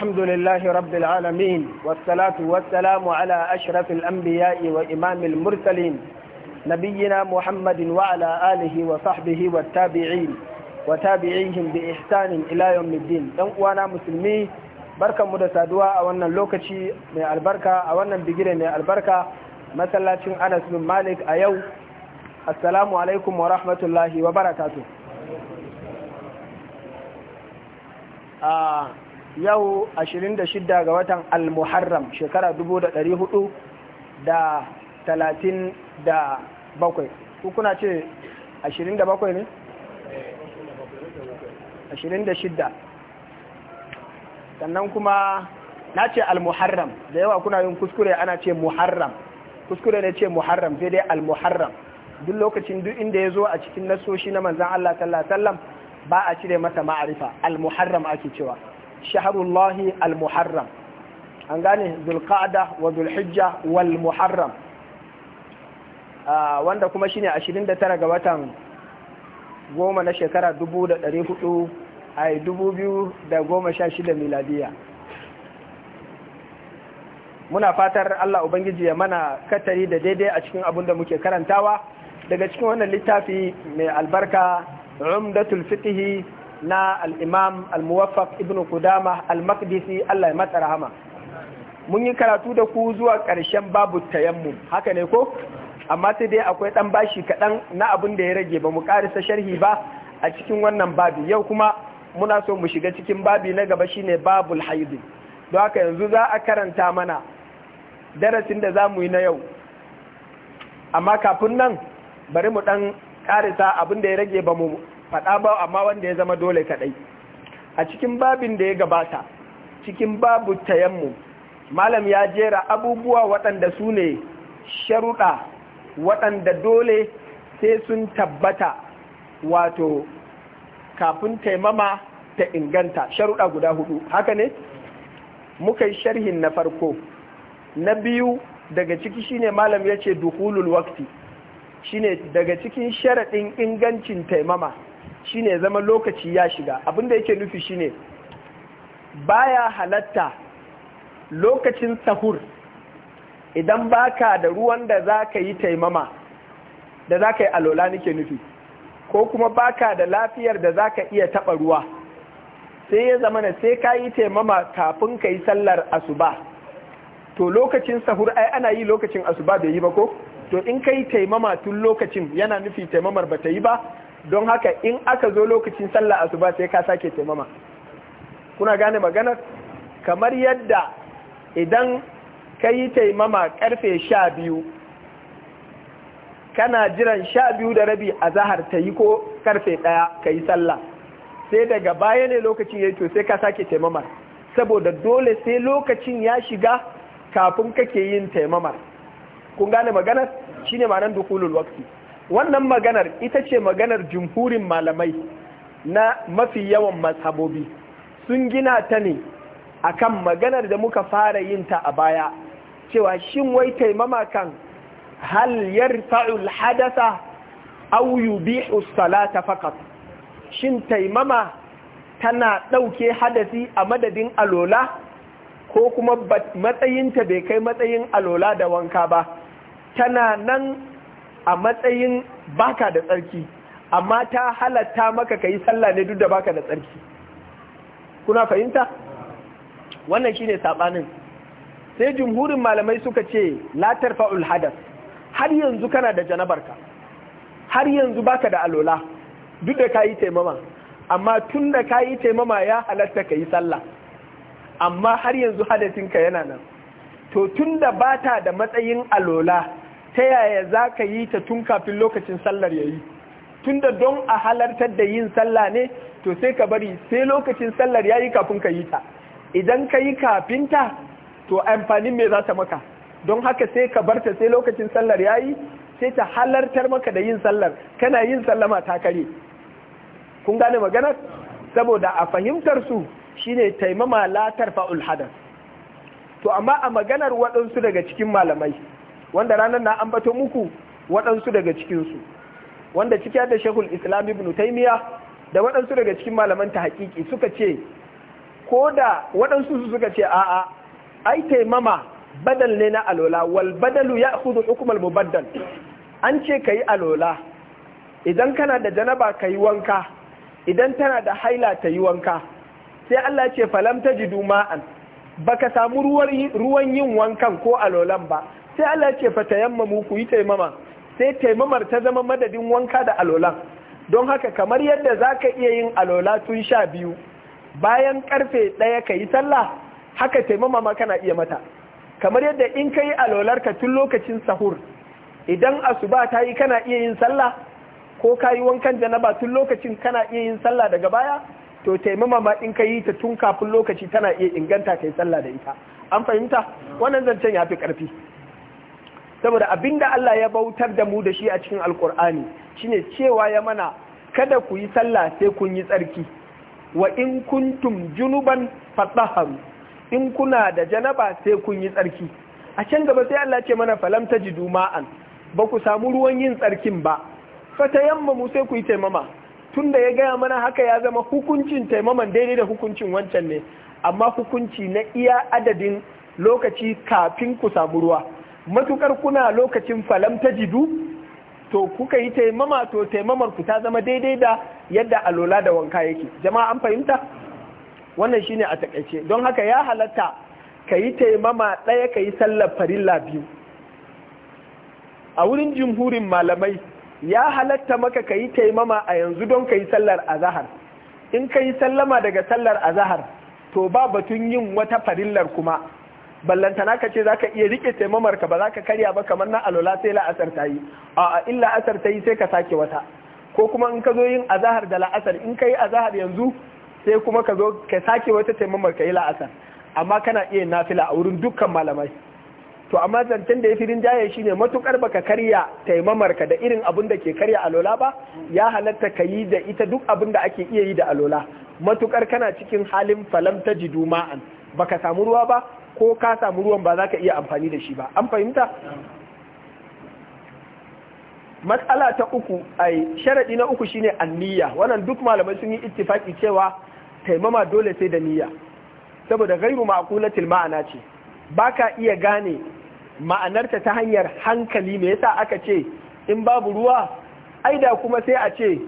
الحمد لله رب العالمين والصلاة والسلام على أشرف الأنبياء وإمام المرسلين نبينا محمد وعلى آله وصحبه والتابعين وتابعيهم بإحسان إلى يوم الدين وانا مسلمي بركة مدسادوة أولا لوكتشي من البركة أولا بجري من البركة مثلا أنس بن مالك أيو السلام عليكم ورحمة الله وبركاته آه yau 26 ga watan al-muharram shekara 437 kuna ce 27 ne? 26 sannan kuma na ce al-muharram da yawa kuna yin kuskure ana ce muharram kuskure ne ce muharram sai dai al-muharram duk lokacin duk inda ya zo a cikin nasoshi na manzan Allah sallallahu alaihi wasallam ba a cire masa ma'arifa al-muharram ake cewa shaharullahi al-muharram an gane zulqa'da wa zulhijja wal muharram ah, wanda kuma shine 29 ga watan goma na shekara 1400 ai 2016 miladiya muna fatar Allah ubangiji ya mana katari da daidai a cikin abin da muke karantawa daga cikin wannan littafi mai albarka umdatul fiqhi na al'imam al-muwaffaq ibn kudama al-makdisi Allah ya mata rahama mun yi karatu da ku zuwa ƙarshen babu tayammum haka ne ko amma ta dai akwai ɗan bashi kaɗan na abin da ya rage ba mu ƙarisa sharhi ba a cikin wannan babi yau kuma muna so mu shiga cikin babi na gaba shine babul haidi don haka yanzu za a karanta mana darasin da za mu yi na yau amma kafin nan bari mu ɗan ƙarisa abin da ya rage ba mu faɗa ba amma wanda ya zama dole kaɗai a cikin babin da ya gabata cikin babu tayammu malam ya jera abubuwa waɗanda su ne sharuɗa waɗanda dole sai sun tabbata wato kafin taimama ta inganta sharuɗa guda hudu haka ne muka yi sharhin na farko na biyu daga ciki shine malam ya ce dukulul wakti shine daga cikin sharaɗin ingancin taimama shine zama lokaci ya shiga abin da yake nufi shine baya halatta lokacin sahur idan baka da ruwan da za ka yi taimama da za ka yi alola nake nufi ko kuma baka da lafiyar da za ka iya taɓa ruwa sai ya zama na sai ka yi taimama kafin ka yi sallar asuba to lokacin sahur ai ana yi lokacin asuba bai yi ba ko to in ka yi taimama tun lokacin yana nufi taimamar ba ta yi ba don haka in aka zo lokacin sallah asuba sai ka sake taimama kuna gane maganar kamar yadda idan ka yi taimama karfe sha biyu kana jiran sha biyu da rabi a zahar ta yi ko karfe ɗaya ka yi sallah sai daga baya ne lokacin ya yi to sai ka sake taimamar saboda dole sai lokacin ya shiga kafin kake yin taimamar kun gane maganar shine ma'anar dukulul wakti wannan maganar ita ce maganar jumhurin malamai na mafi yawan mazhabobi sun gina ta ne akan maganar da muka fara yin ta a baya cewa shin wai taimama kan hal yarfa'ul hadasa aw yubihu salata faqat shin taimama tana ɗauke hadasi a madadin alola ko kuma matsayinta bai kai matsayin alola da wanka ba tana nan a matsayin baka da tsarki amma ta halatta maka ka yi sallah ne duk da baka da tsarki kuna fahimta wannan shine sabanin sai jumhurin malamai suka ce la tarfa'ul hadas har yanzu kana da janabarka har yanzu baka da alola duk da kayi taimama amma tun da kayi taimama ya halatta ka yi sallah amma har yanzu ka yana nan to tun da bata da matsayin alola ta yaya za ka yi ta tun kafin lokacin sallar ya yi tun da don a halartar da yin sallah ne to sai ka bari sai lokacin sallar ya yi kafin ka yi ta idan ka yi kafin ta to amfanin me za ta maka don haka sai ka bar ta sai lokacin sallar ya yi sai ta halartar maka da yin sallar kana yin sallama ta kare kun gane maganar saboda a fahimtar su shine taimama latar fa'ul hadas to amma a maganar waɗansu daga cikin malamai wanda ranar na ambato muku waɗansu daga cikinsu wanda cikin da shehul islam ibn taimiya da waɗansu daga cikin malaman ta hakiki suka ce ko da waɗansu suka ce a'a ai taimama badal ne na alola wal badalu ya hudu hukumar mubaddal an ce ka yi alola idan kana da janaba ka yi wanka idan tana da haila ta yi wanka sai Allah ce falam ta ji duma'an baka samu ruwan yin wankan ko alolan ba sai Allah ce fa tayammamu ku yi taimama sai taimamar ta zama madadin wanka da alolan don haka kamar yadda za ka iya yin alola tun sha biyu bayan karfe ɗaya ka yi sallah haka taimama ma kana iya mata kamar yadda in ka yi alolar ka tun lokacin sahur idan asuba ta yi kana iya yin sallah ko ka yi wankan janaba tun lokacin kana iya yin sallah daga baya to taimama ma in ka yi ta tun kafin lokaci tana iya inganta ka yi sallah da ita an fahimta wannan zancen ya fi ƙarfi saboda abinda Allah ya bautar da mu da shi a cikin alkur'ani shine cewa ya mana kada ku yi sallah sai kun yi tsarki wa in kuntum junuban fatahharu in kuna da janaba sai kun yi tsarki a can gaba sai Allah ce mana falam tajidu ma'an ba ku samu ruwan yin tsarkin ba mu sai ku yi taimama tunda ya gaya mana haka ya zama hukuncin taimaman daidai da hukuncin wancan ne amma hukunci na iya adadin lokaci kafin ku samu ruwa matukar kuna lokacin falam jidu, to kuka yi taimama to taimamar ku ta zama daidai da yadda alola da wanka yake jama'a an fahimta wannan shine a takaice don haka ya halatta ka yi taimama ɗaya ka yi sallar farilla biyu a wurin jimhurin malamai ya halatta maka ka yi taimama a yanzu don ka yi sallar azahar in ka yi sallama daga sallar azahar to ba batun yin wata farillar kuma ballantana ka ce zaka iya rike taimamar ka ba zaka karya ba kamar na alola sai la'asar ta yi a in la'asar ta yi sai ka sake wata ko kuma in ka zo yin azahar da la'asar in ka yi azahar yanzu sai kuma ka zo ka sake wata taimamar ka yi la'asar amma kana iya nafila a wurin dukkan malamai to amma zancen da ya fi rinjaye shine matukar baka karya taimamar ka da irin abin da ke karya alola ba ya halatta ka yi da ita duk abun da ake iya yi da alola matukar kana cikin halin falam ta jiduma'an baka samu ruwa ba ko ka samu ruwan ba za ka iya amfani da shi ba an fahimta matsala ta uku ai sharaɗi na uku shine anniya wannan duk malamai sun yi ittifaki cewa taimama dole sai da niyya saboda gairu ma'akulatil ma'ana ce baka iya gane ma'anarta ta hanyar hankali me yasa aka ce in babu ruwa ai da kuma sai a ce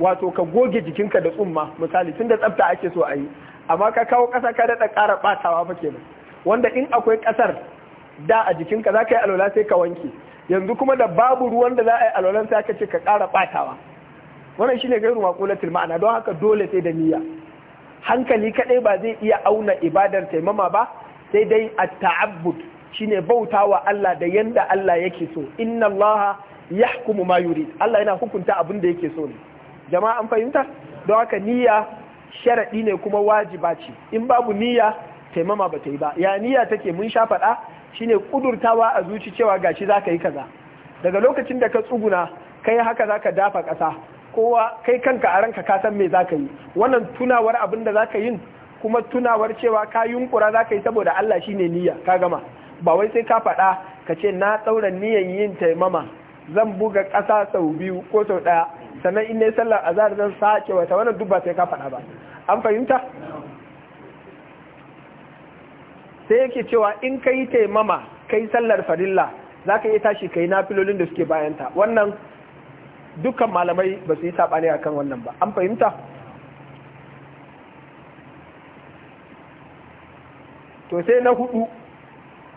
wato ka goge jikinka da tsumma misali tun da tsafta ake so a yi amma ka kawo ƙasa ka daɗa ƙara ɓatawa fa kenan wanda in akwai ƙasar da a jikinka za ka yi alwala sai ka wanke yanzu kuma da babu ruwan da za a yi alwalan sai ka ce ka ƙara ɓatawa wannan shine gairu makulatul ma'ana don haka dole sai da niyya hankali kadai ba zai iya auna ibadar taimama ba sai dai at-ta'abbud shine bautawa Allah da yanda Allah yake so inna Allah yahkumu ma yurid Allah yana hukunta abin da yake so ne jama'a an fahimta don haka niyya sharadi ne kuma wajiba ce in babu niyya taimama ba ta yi ba ya niyya take mun sha faɗa shine kudurtawa a zuci cewa gashi za ka yi kaza daga lokacin da ka tsuguna kai haka za ka dafa kasa. kowa kai kanka a ranka ka san me za ka yi wannan tunawar abin da za ka yi kuma tunawar cewa ka yunkura za ka yi saboda Allah shine niyya ka gama ba wai sai ka faɗa ka ce na tsaura niyyar yin taimama zan buga ƙasa sau biyu ko sau ɗaya sannan in ya sallar azhar zan sace wata wannan duk ba sai ka faɗa ba an fahimta sai yake cewa in ka yi taimama ka yi sallar farilla za ka iya tashi ka yi nafilolin da suke bayanta wannan dukkan malamai ba su yi saɓani a kan wannan ba an fahimta to sai na hudu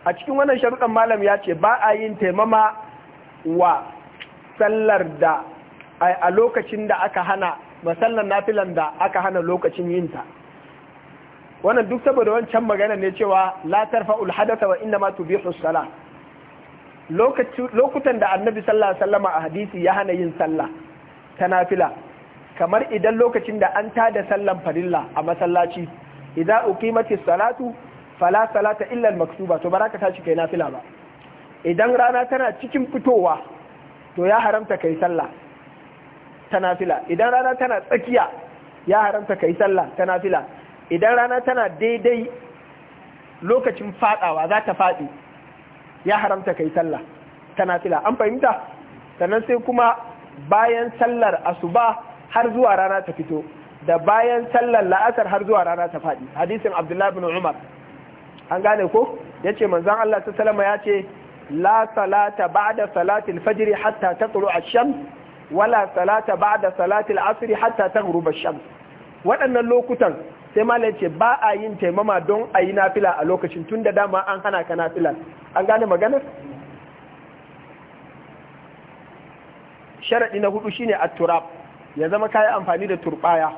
a cikin wannan sharuɗan malam ya ce ba a yin taimama wa sallar da a lokacin da aka hana masallar nafilan da aka hana lokacin yinta wannan duk saboda wancan magana ne cewa la tarfa'ul hadatha wa inna ma tubihu salah lokutan da annabi sallallahu alaihi wasallama a hadisi ya hana yin sallah ta nafila kamar idan lokacin da an tada sallan farilla a masallaci idza uqimatis salatu fala salata illa al maktuba to baraka tashi kai nafila ba idan rana tana cikin fitowa to ya haramta kai sallah ta nafila idan rana tana tsakiya ya haramta kai sallah ta nafila idan rana tana daidai lokacin fadawa za ta faɗi ya haramta kai sallah tana fila an fahimta sannan sai kuma bayan sallar asuba har zuwa rana ta fito da bayan sallar la'asar har zuwa rana ta faɗi hadisin abdullahi bin umar an gane ko ya ce manzan Allah ta salama ya ce la salata ba'da salatil fajiri hatta ta tsoro a shams wala salata ba'da salatil asiri hatta ta ash-shams waɗannan lokutan sai malam ce ba a yin taimama don a yi nafila a lokacin tun da dama an hana ka nafila an gane maganar sharaɗi na hudu shine a turab ya zama kayan amfani da turbaya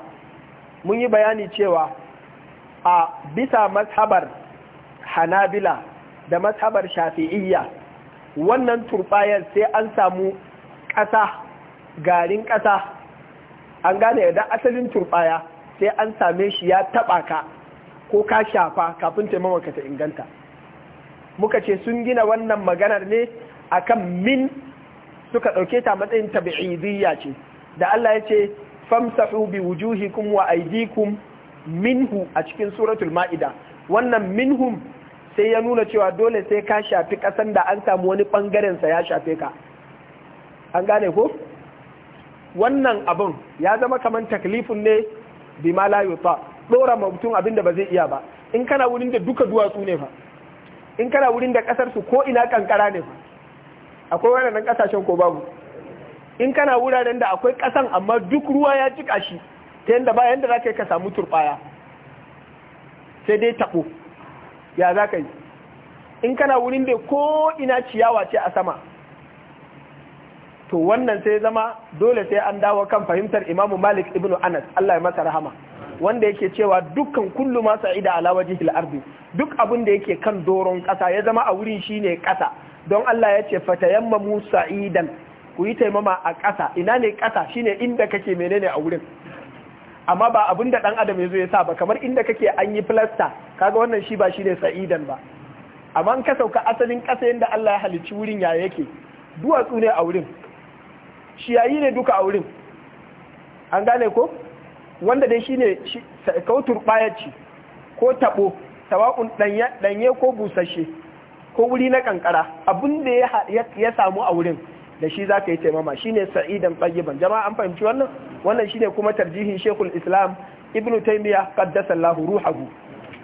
mun yi bayani cewa a bisa mashabar hanabila da mashabar shafi'iyya wannan turbayar sai an samu ƙasa garin ƙasa an gane da asalin turbaya sai an same shi ya taɓa ka ko ka shafa kafin ka ta inganta muka ce sun gina wannan maganar ne akan min suka ɗauke ta matsayin tabi'idiyya ce da Allah ya ce famsahu bi wujuhikum wa aydikum minhu a cikin suratul ma'ida wannan minhum sai ya nuna cewa dole sai ka shafi kasan da an samu wani bangaren sa ya shafe ka an gane ko wannan abun ya zama kamar taklifin ne bima la yuta dora ma mutum abin da ba zai iya ba in kana wurin da duka duwatsu ne fa in kana wurin da kasar su ko ina kankara ne fa akwai wuraren kasashen ko babu in kana wuraren da akwai kasan amma duk ruwa ya jika shi ta yadda ba yadda za yi ka samu turbaya sai dai taɓo ya za ka yi in kana wurin da ko ina ciyawa ce a sama to wannan sai zama dole sai an dawo kan fahimtar imamu malik ibnu anas allah ya masa rahama wanda yake cewa dukkan kullu ma sa'ida ala wajhil ardi duk abin da yake kan doron kasa ya zama a wurin shine kasa don Allah ya ce musa sa'idan ku yi taimama a kasa ina ne kasa shine inda kake menene a wurin amma ba abin da dan adam yazo ya sa ba kamar inda kake an yi plaster kaga wannan shi ba shine sa'idan ba amma in ka sauka asalin kasa yanda Allah ya halicci wurin ya yake duwatsu ne a wurin shiyayi ne duka a wurin an gane ko wanda dai shine kautur bayaci ko tabo tawa'un danye ko busashe ko wuri na kankara abin da ya samu a wurin da shi zaka yi taimama shine sa'idan tayyiban jama'a an fahimci wannan wannan shine kuma tarjihin shekul islam Ibn taymiya qaddasa lahuru ruhahu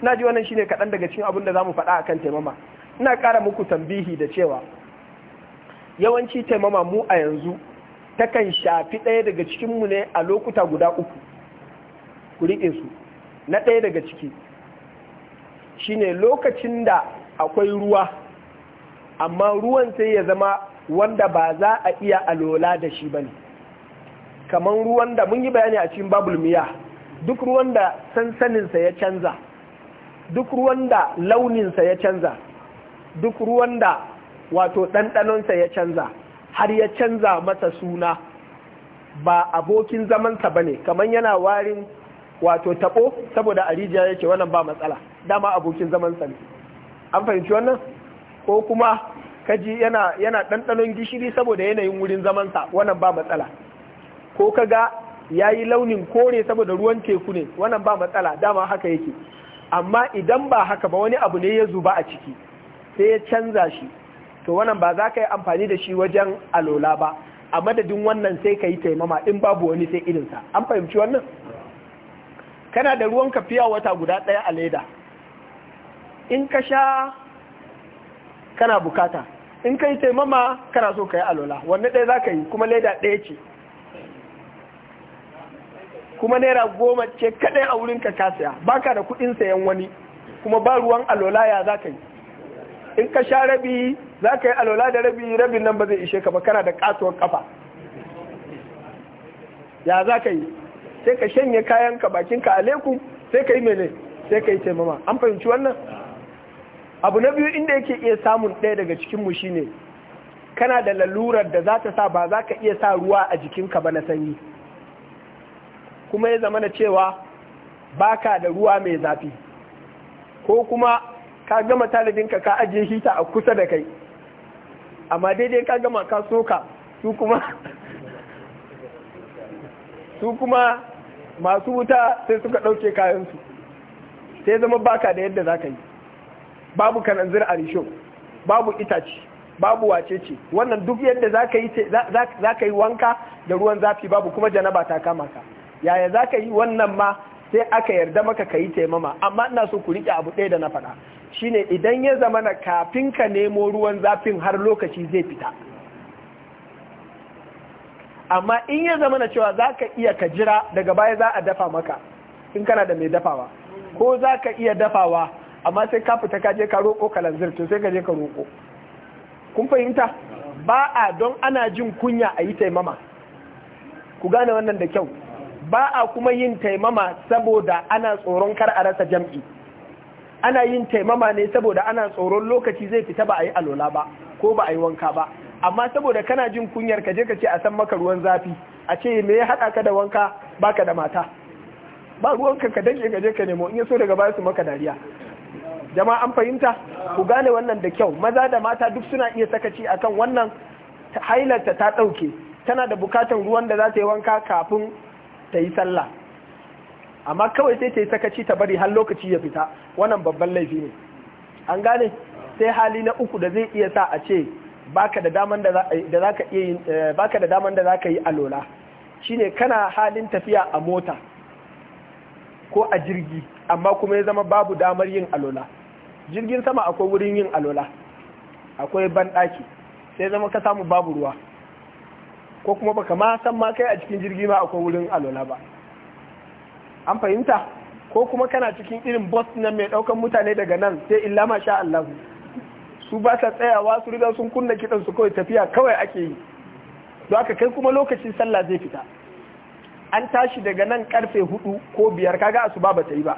ina ji wannan shine kadan daga cikin abin da zamu faɗa kan taimama ina ƙara muku tambihi da cewa yawanci taimama mu a yanzu takan shafi ɗaya daga cikinmu ne a lokuta guda uku ku riƙe su na ɗaya daga ciki Shi ne lokacin da akwai ruwa amma ruwan sai ya zama wanda ba za a iya alola da shi ba ne kamar ruwan da mun yi bayani a cikin babul miya duk ruwan da sansaninsa ya canza duk ruwan da launinsa ya canza duk ruwan da wato ɗanɗanonsa ya canza har ya canza masa suna ba abokin zamansa ba ne kamar yana warin wato taɓo saboda arijiya ya ce wannan ba matsala dama abokin zamansa ne an fahimci wannan ko kuma kaji yana yana ɗanɗanon gishiri saboda yanayin wurin zamansa wannan ba matsala ko kaga ya yi launin kore saboda ruwan teku ne wannan ba matsala dama haka yake amma idan ba haka ba wani abu ne ya zuba a ciki sai ya canza shi to wannan ba za ka yi amfani da shi wajen alola ba a madadin wannan sai ka yi taimama in babu wani sai irinsa an fahimci wannan kana da ruwan kafiya wata guda ɗaya a leda in ka sha kana bukata in ka yi taimama kana so ka yi alola wanne ɗaya za ka yi kuma leda ɗaya ce kuma naira goma ce kaɗai a wurin ka saya ba ka da kuɗin sayan wani kuma ba ruwan alola ya za ka yi in ka sha rabi za ka yi alwala da rabi rabin nan ba zai ishe ka ba kana da katuwar kafa ya za ka yi sai ka shanye kayan ka bakin ka aleku sai ka yi mene sai ka yi taimama an fahimci wannan abu na biyu inda yake iya samun ɗaya daga cikin mu shine kana da lalurar da za ta sa ba za ka iya sa ruwa a jikin ka ba na sanyi kuma ya zama na cewa ba ka da ruwa mai zafi ko kuma ka gama talibinka ka ajiye hita a kusa da kai amma daidai ka gama ka soka su kuma su kuma masu wuta sai suka ɗauke kayansu sai zama baka da yadda za ka yi babu kananzir a risho babu itace babu wacece wannan duk yadda za ka yi wanka da ruwan zafi babu kuma janaba ta kama ka yaya za ka yi wannan ma sai aka yarda maka ka yi taimama amma ina so ku riƙe abu ɗaya da na faɗa shine idan ya zama na kafin ka nemo ruwan zafin har lokaci zai fita amma in ya zama na cewa za ka iya ka jira daga baya za a dafa maka in kana da mai dafawa ko za ka iya dafawa amma sai ka fita ka je ka roƙo kalanzir to sai ka je ka roƙo kun fahimta ba a don ana jin kunya a yi taimama ku gane wannan da kyau ba a kuma yin taimama saboda ana tsoron kar a rasa jam'i ana yin taimama ne saboda ana tsoron lokaci zai fita ba a yi alola ba ko ba a yi wanka ba amma saboda kana jin kunyar ka je ka ce a san maka ruwan zafi a ce me ya haɗa ka da wanka baka da mata ba ruwanka ka dage ka je ka nemo in ya so daga baya su maka dariya jama'a an fahimta ku gane wannan da kyau maza da mata duk suna iya sakaci akan wannan hailarta ta ɗauke tana da bukatan ruwan da za ta yi wanka kafin ta yi sallah amma kawai sai ta yi sakaci ta bari har lokaci ya fita wannan babban laifi ne an gane sai hali na uku da zai iya sa a ce baka da daman da eh, eh, ka da daman da za ka yi a lola shine kana halin tafiya a mota ko a jirgi amma kuma ya zama babu damar yin a lola jirgin sama akwai wurin yin a lola akwai banɗaki sai zama ka samu babu ruwa ko kuma baka ma san ma kai a cikin jirgi ma akwai wurin alola ba an fahimta ko kuma kana cikin irin bus na mai daukan mutane daga nan sai illa ma sha Allah su ba sa tsayawa su riga sun kunna kidan su kawai tafiya kawai ake yi don haka kai kuma lokacin sallah zai fita an tashi daga nan karfe hudu ko biyar kaga asuba ba ta yi ba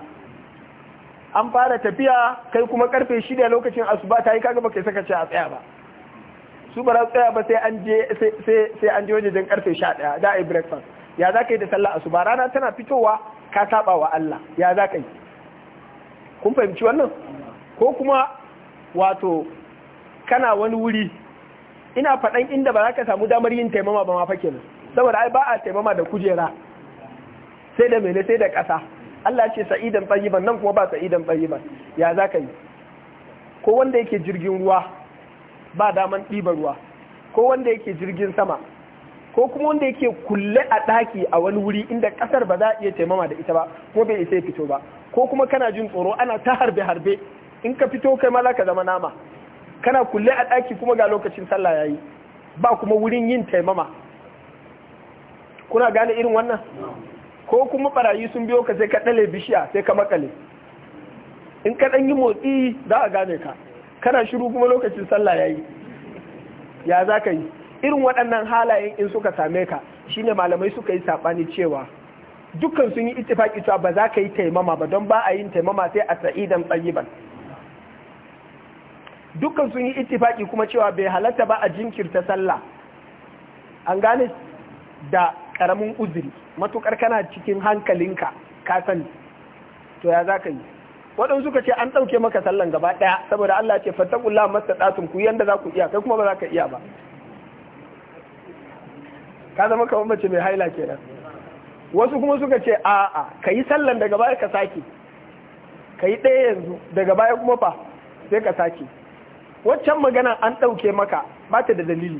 an fara tafiya kai kuma karfe shida lokacin asuba ta yi kaga ba kai saka ce a tsaya ba su ba tsaya ba sai an je sai an je wajen karfe sha da a yi breakfast ya za ka yi da sallah asuba rana tana fitowa ka saba wa Allah ya za ka yi kun fahimci wannan ko kuma wato kana wani wuri ina faɗan inda ba za ka samu damar yin taimama ba ma fa kenan saboda ai ba a taimama da kujera sai da mele sai da ƙasa Allah ce sa'idan ban nan kuma ba sa'idan ban. ya za ka yi ko wanda yake jirgin ruwa ba daman ɗiban ruwa ko wanda yake jirgin sama ko kuma wanda yake kulle a ɗaki a wani wuri inda ƙasar ba za a iya taimama da ita ba ko bai isa fito ba ko kuma kana jin tsoro ana ta harbe harbe in ka fito kai ma za ka zama nama kana kulle a daki kuma ga lokacin sallah ya yi ba kuma wurin yin taimama kuna gane irin wannan ko kuma barayi sun biyo ka sai ka ɗale bishiya sai ka makale in ka ɗan yi motsi za a gane ka kana shiru kuma lokacin sallah ya yi ya za ka yi irin waɗannan halayen in suka same ka shine malamai suka yi saɓani cewa dukkan sun yi ittifaki cewa ba za ka yi taimama ba don ba a yin taimama sai a sa'idan tsayiban dukkan sun yi ittifaki kuma cewa bai halatta ba a jinkirta sallah an gane da ƙaramin uzuri matuƙar kana cikin hankalinka ka sani to ya za ka yi waɗansu suka ce an ɗauke maka sallan gaba ɗaya saboda Allah ce fattakullah masta ɗatun ku yanda za ku iya kai kuma ba za ka iya ba ka zama kamar mace mai haila kenan wasu kuma suka ce a'a ka yi sallan daga baya ka sake ka yi ɗaya yanzu daga baya kuma fa sai ka sake waccan magana an ɗauke maka ba ta da dalili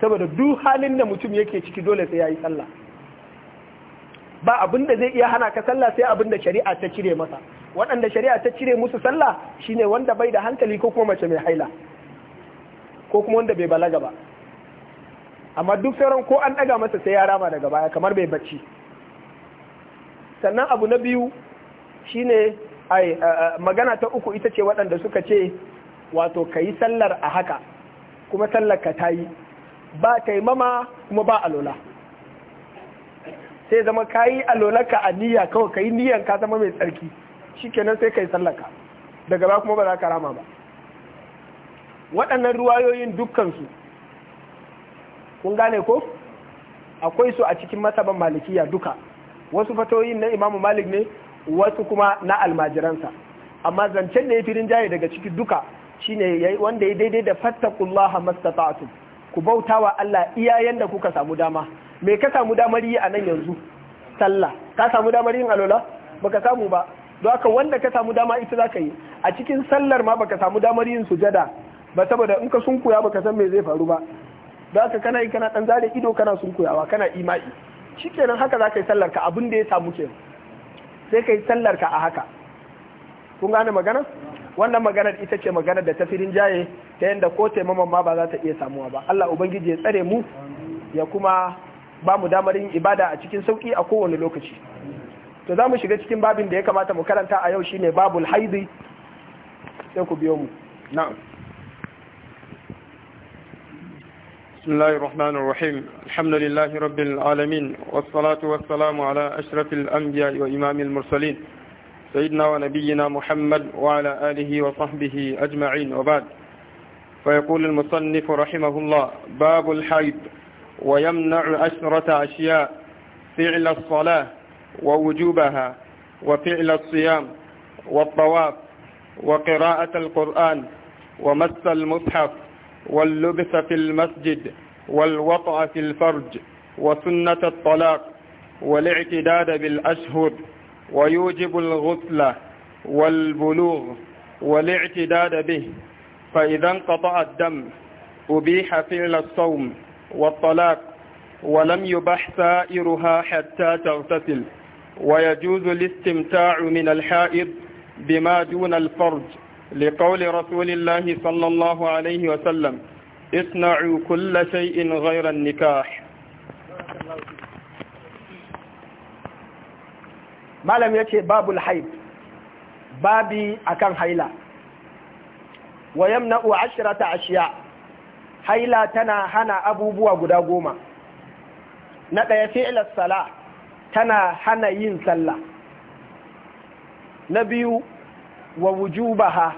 saboda duk halin da mutum yake ciki dole sai ya yi sallah ba abin da zai iya hana ka sallah sai abin da shari'a ta cire masa waɗanda shari'a ta cire musu sallah shine wanda bai da hankali ko kuma mace mai haila ko kuma wanda bai balaga ba amma duk sauran ko an ɗaga masa sai ya rama daga baya kamar bai bacci sannan abu na biyu shine ai eh, eh, magana ta uku ita ce waɗanda suka ce wato ka yi sallar a haka kuma sallar ka ta yi ba taimama kuma ba alola sai zama ka yi ka a niyya kawai ka yi niyyan ka zama mai tsarki shikenan sai ka yi sallarka. daga ba kuma ba za ka rama ba waɗannan ruwayoyin dukkansu kun gane ko akwai su a cikin masaban malikiya duka wasu fatoyin na imamu malik ne wasu kuma na almajiransa amma zancen da ya fi rinjaye daga ciki duka shine wanda ya daidai da fattakullaha mastata'tum ku bauta wa Allah iya yanda kuka samu dama me ka samu damar yi a nan yanzu sallah ka samu damar yin alola baka samu ba don haka wanda ka samu dama ita zaka yi a cikin sallar ma baka samu damar yin sujada ba saboda in ka sunkuya baka san me zai faru ba da kana yi kana dan zare ido kana sunkuyawa kana ima'i shikenan haka za ka yi sallar ka abin da ya samu kenan sai ka yi sallar ka a haka kun gane magana wannan maganar ita ce maganar da ta firin jaye ta yadda ko taimaman ma ba za ta iya samuwa ba Allah ubangiji ya tsare mu ya kuma ba mu damar yin ibada a cikin sauki a kowane lokaci to za mu shiga cikin babin da ya kamata mu karanta a yau ne babul haizi sai ku biyo mu na'am بسم الله الرحمن الرحيم الحمد لله رب العالمين والصلاة والسلام على أشرف الأنبياء وإمام المرسلين سيدنا ونبينا محمد وعلى آله وصحبه أجمعين وبعد فيقول المصنف رحمه الله باب الحيض ويمنع أشرة أشياء فعل الصلاة ووجوبها وفعل الصيام والطواف وقراءة القرآن ومس المصحف واللبس في المسجد والوطأ في الفرج وسنة الطلاق والاعتداد بالأشهر ويوجب الغسل والبلوغ والاعتداد به فإذا انقطع الدم أبيح فعل الصوم والطلاق ولم يبح سائرها حتى تغتسل ويجوز الاستمتاع من الحائض بما دون الفرج لقول رسول الله صلى الله عليه وسلم اصنعوا كل شيء غير النكاح malam ya ce babu haid babi akan haila wa yamna'u ashrata ashiya haila tana hana abubuwa guda goma na ɗaya fi'lar sala tana hana yin sallah na biyu wa wujubaha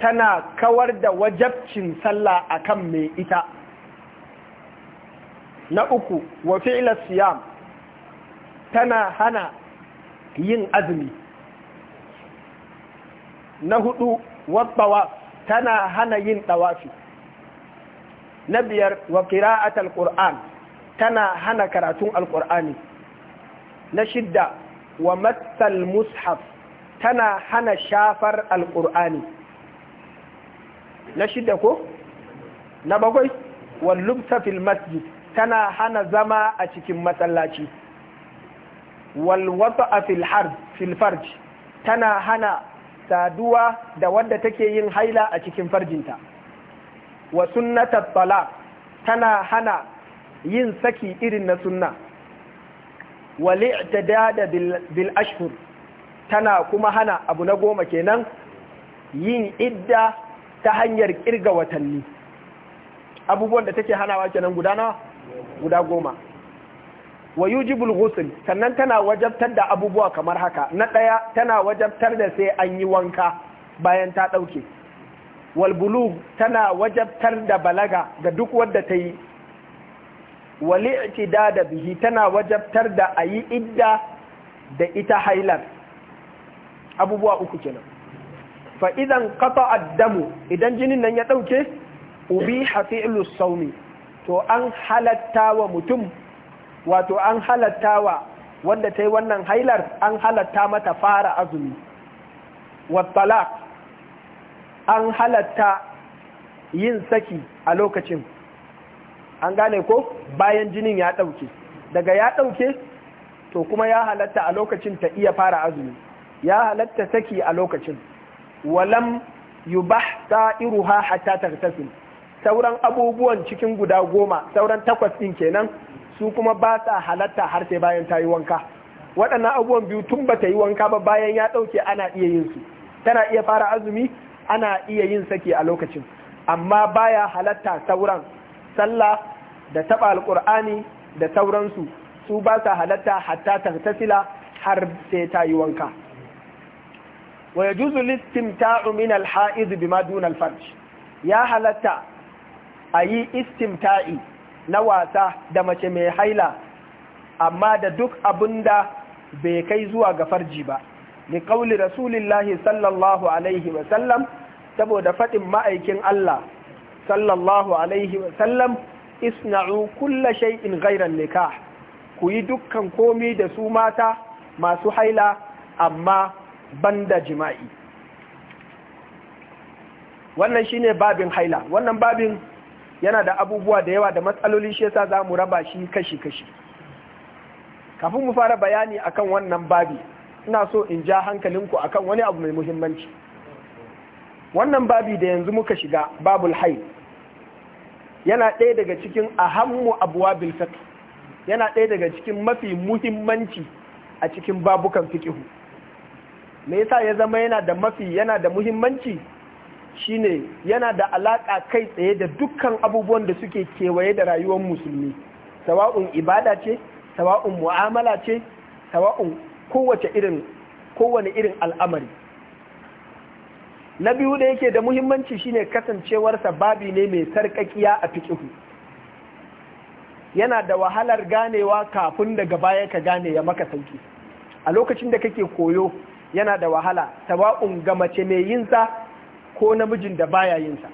tana kawar da wajabcin sallah akan mai ita na uku wa fi'la siyam tana hana yin azumi na hudu wa tana hana yin tawafi na biyar wa qira'at alquran tana hana karatun alqur'ani na shidda wa matsal mushaf tana hana shafar alƙur'ani na shida ko na bakwai wallubta masjid tana hana zama a cikin masallaci walwata a filfarj tana hana saduwa da wadda take yin haila a cikin farjinta wa sunnata talaq tana hana yin saki irin na sunna wal da bil ashhur tana kuma hana abu na goma kenan yin idda ta hanyar kirga watanni abubuwan da take hanawa kenan guda nawa guda goma wa yujibul ghusl sannan tana wajabtar da abubuwa kamar haka na ɗaya tana wajabtar da sai an yi wanka bayan ta ɗauke wal bulugh tana wajabtar da balaga ga duk wadda ta yi wal i'tidada da bihi tana wajabtar da ayi idda da ita hailar abubuwa uku kenan fa idan qata addamu idan jinin nan ya dauke ubi fi'lu sawmi to an halatta wa mutum wato an halatta wa wanda ta yi wannan hailar an halatta mata fara azumi Wattala an halatta yin saki a lokacin an gane ko bayan jinin ya ɗauke daga ya ɗauke to kuma ya halatta a lokacin ta iya fara azumi ya halatta saki a lokacin walam yubah sa'iruha hatta tartasil sauran abubuwan cikin guda goma sauran takwas ɗin kenan su kuma ba sa halatta har sai bayan ta yi wanka waɗannan abubuwan biyu tun ba ta yi wanka ba bayan ya ɗauke ana iya yin su tana iya fara azumi ana iya yin saki a lokacin amma baya halatta sauran sallah da taɓa alƙur'ani da sauransu su ba sa halatta hatta tasila har sai ta yi wanka wa yajuzu listimta'u min al-ha'id bima duna al-farj ya halatta ayi istimta'i na wasa da mace mai haila amma da duk abinda bai kai zuwa ga farji ba Ni qauli rasulillahi sallallahu alaihi wa sallam saboda fadin ma'aikin Allah sallallahu alaihi wa sallam isna'u kulla shay'in ghayra nikah ku yi dukkan komi da su mata masu haila amma banda jima'i wannan shine babin haila wannan babin yana da abubuwa da yawa da matsaloli shi yasa za mu raba shi kashi-kashi kafin mu fara bayani akan wannan babi ina so in ja hankalinku akan wani abu mai muhimmanci wannan babi da yanzu muka shiga babul hail yana ɗaya daga cikin ahammu abuwa bilfat yana ɗaya daga cikin mafi muhimmanci a cikin babukan fikihu me yasa ya zama yana da mafi yana da muhimmanci shine yana da alaƙa kai tsaye da dukkan abubuwan da suke kewaye da rayuwar musulmi sawa'un ibada ce sawa'un mu'amala ce sawa'un kowace irin kowane irin al'amari na biyu da yake da muhimmanci shine kasancewarsa babi ne mai sarkakiya a fikihu yana da wahalar ganewa kafin daga baya ka gane ya maka sauki a lokacin da kake koyo yana da wahala tawa'un ga mace mai yinsa ko namijin da baya yinsa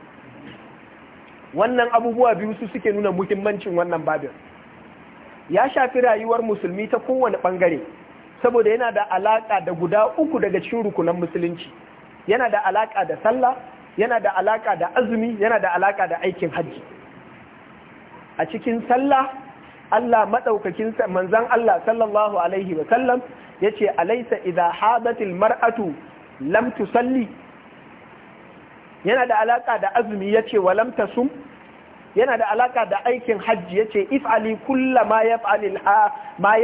wannan abubuwa biyu su suke nuna muhimmancin wannan babin ya shafi rayuwar musulmi ta kowane bangare saboda yana da alaƙa da guda uku daga cikin rukunan musulunci yana da alaƙa da sallah yana da alaƙa da azumi yana da alaƙa da aikin hajji a cikin sallah Allah maɗaukakin manzan Allah sallallahu alaihi wa sallam yace alaisa idha hadatil mar'atu lam tusalli yana da alaka da azumi ce wa lam tasum yana da alaka da aikin hajji yace if'ali Ali kulla ha ma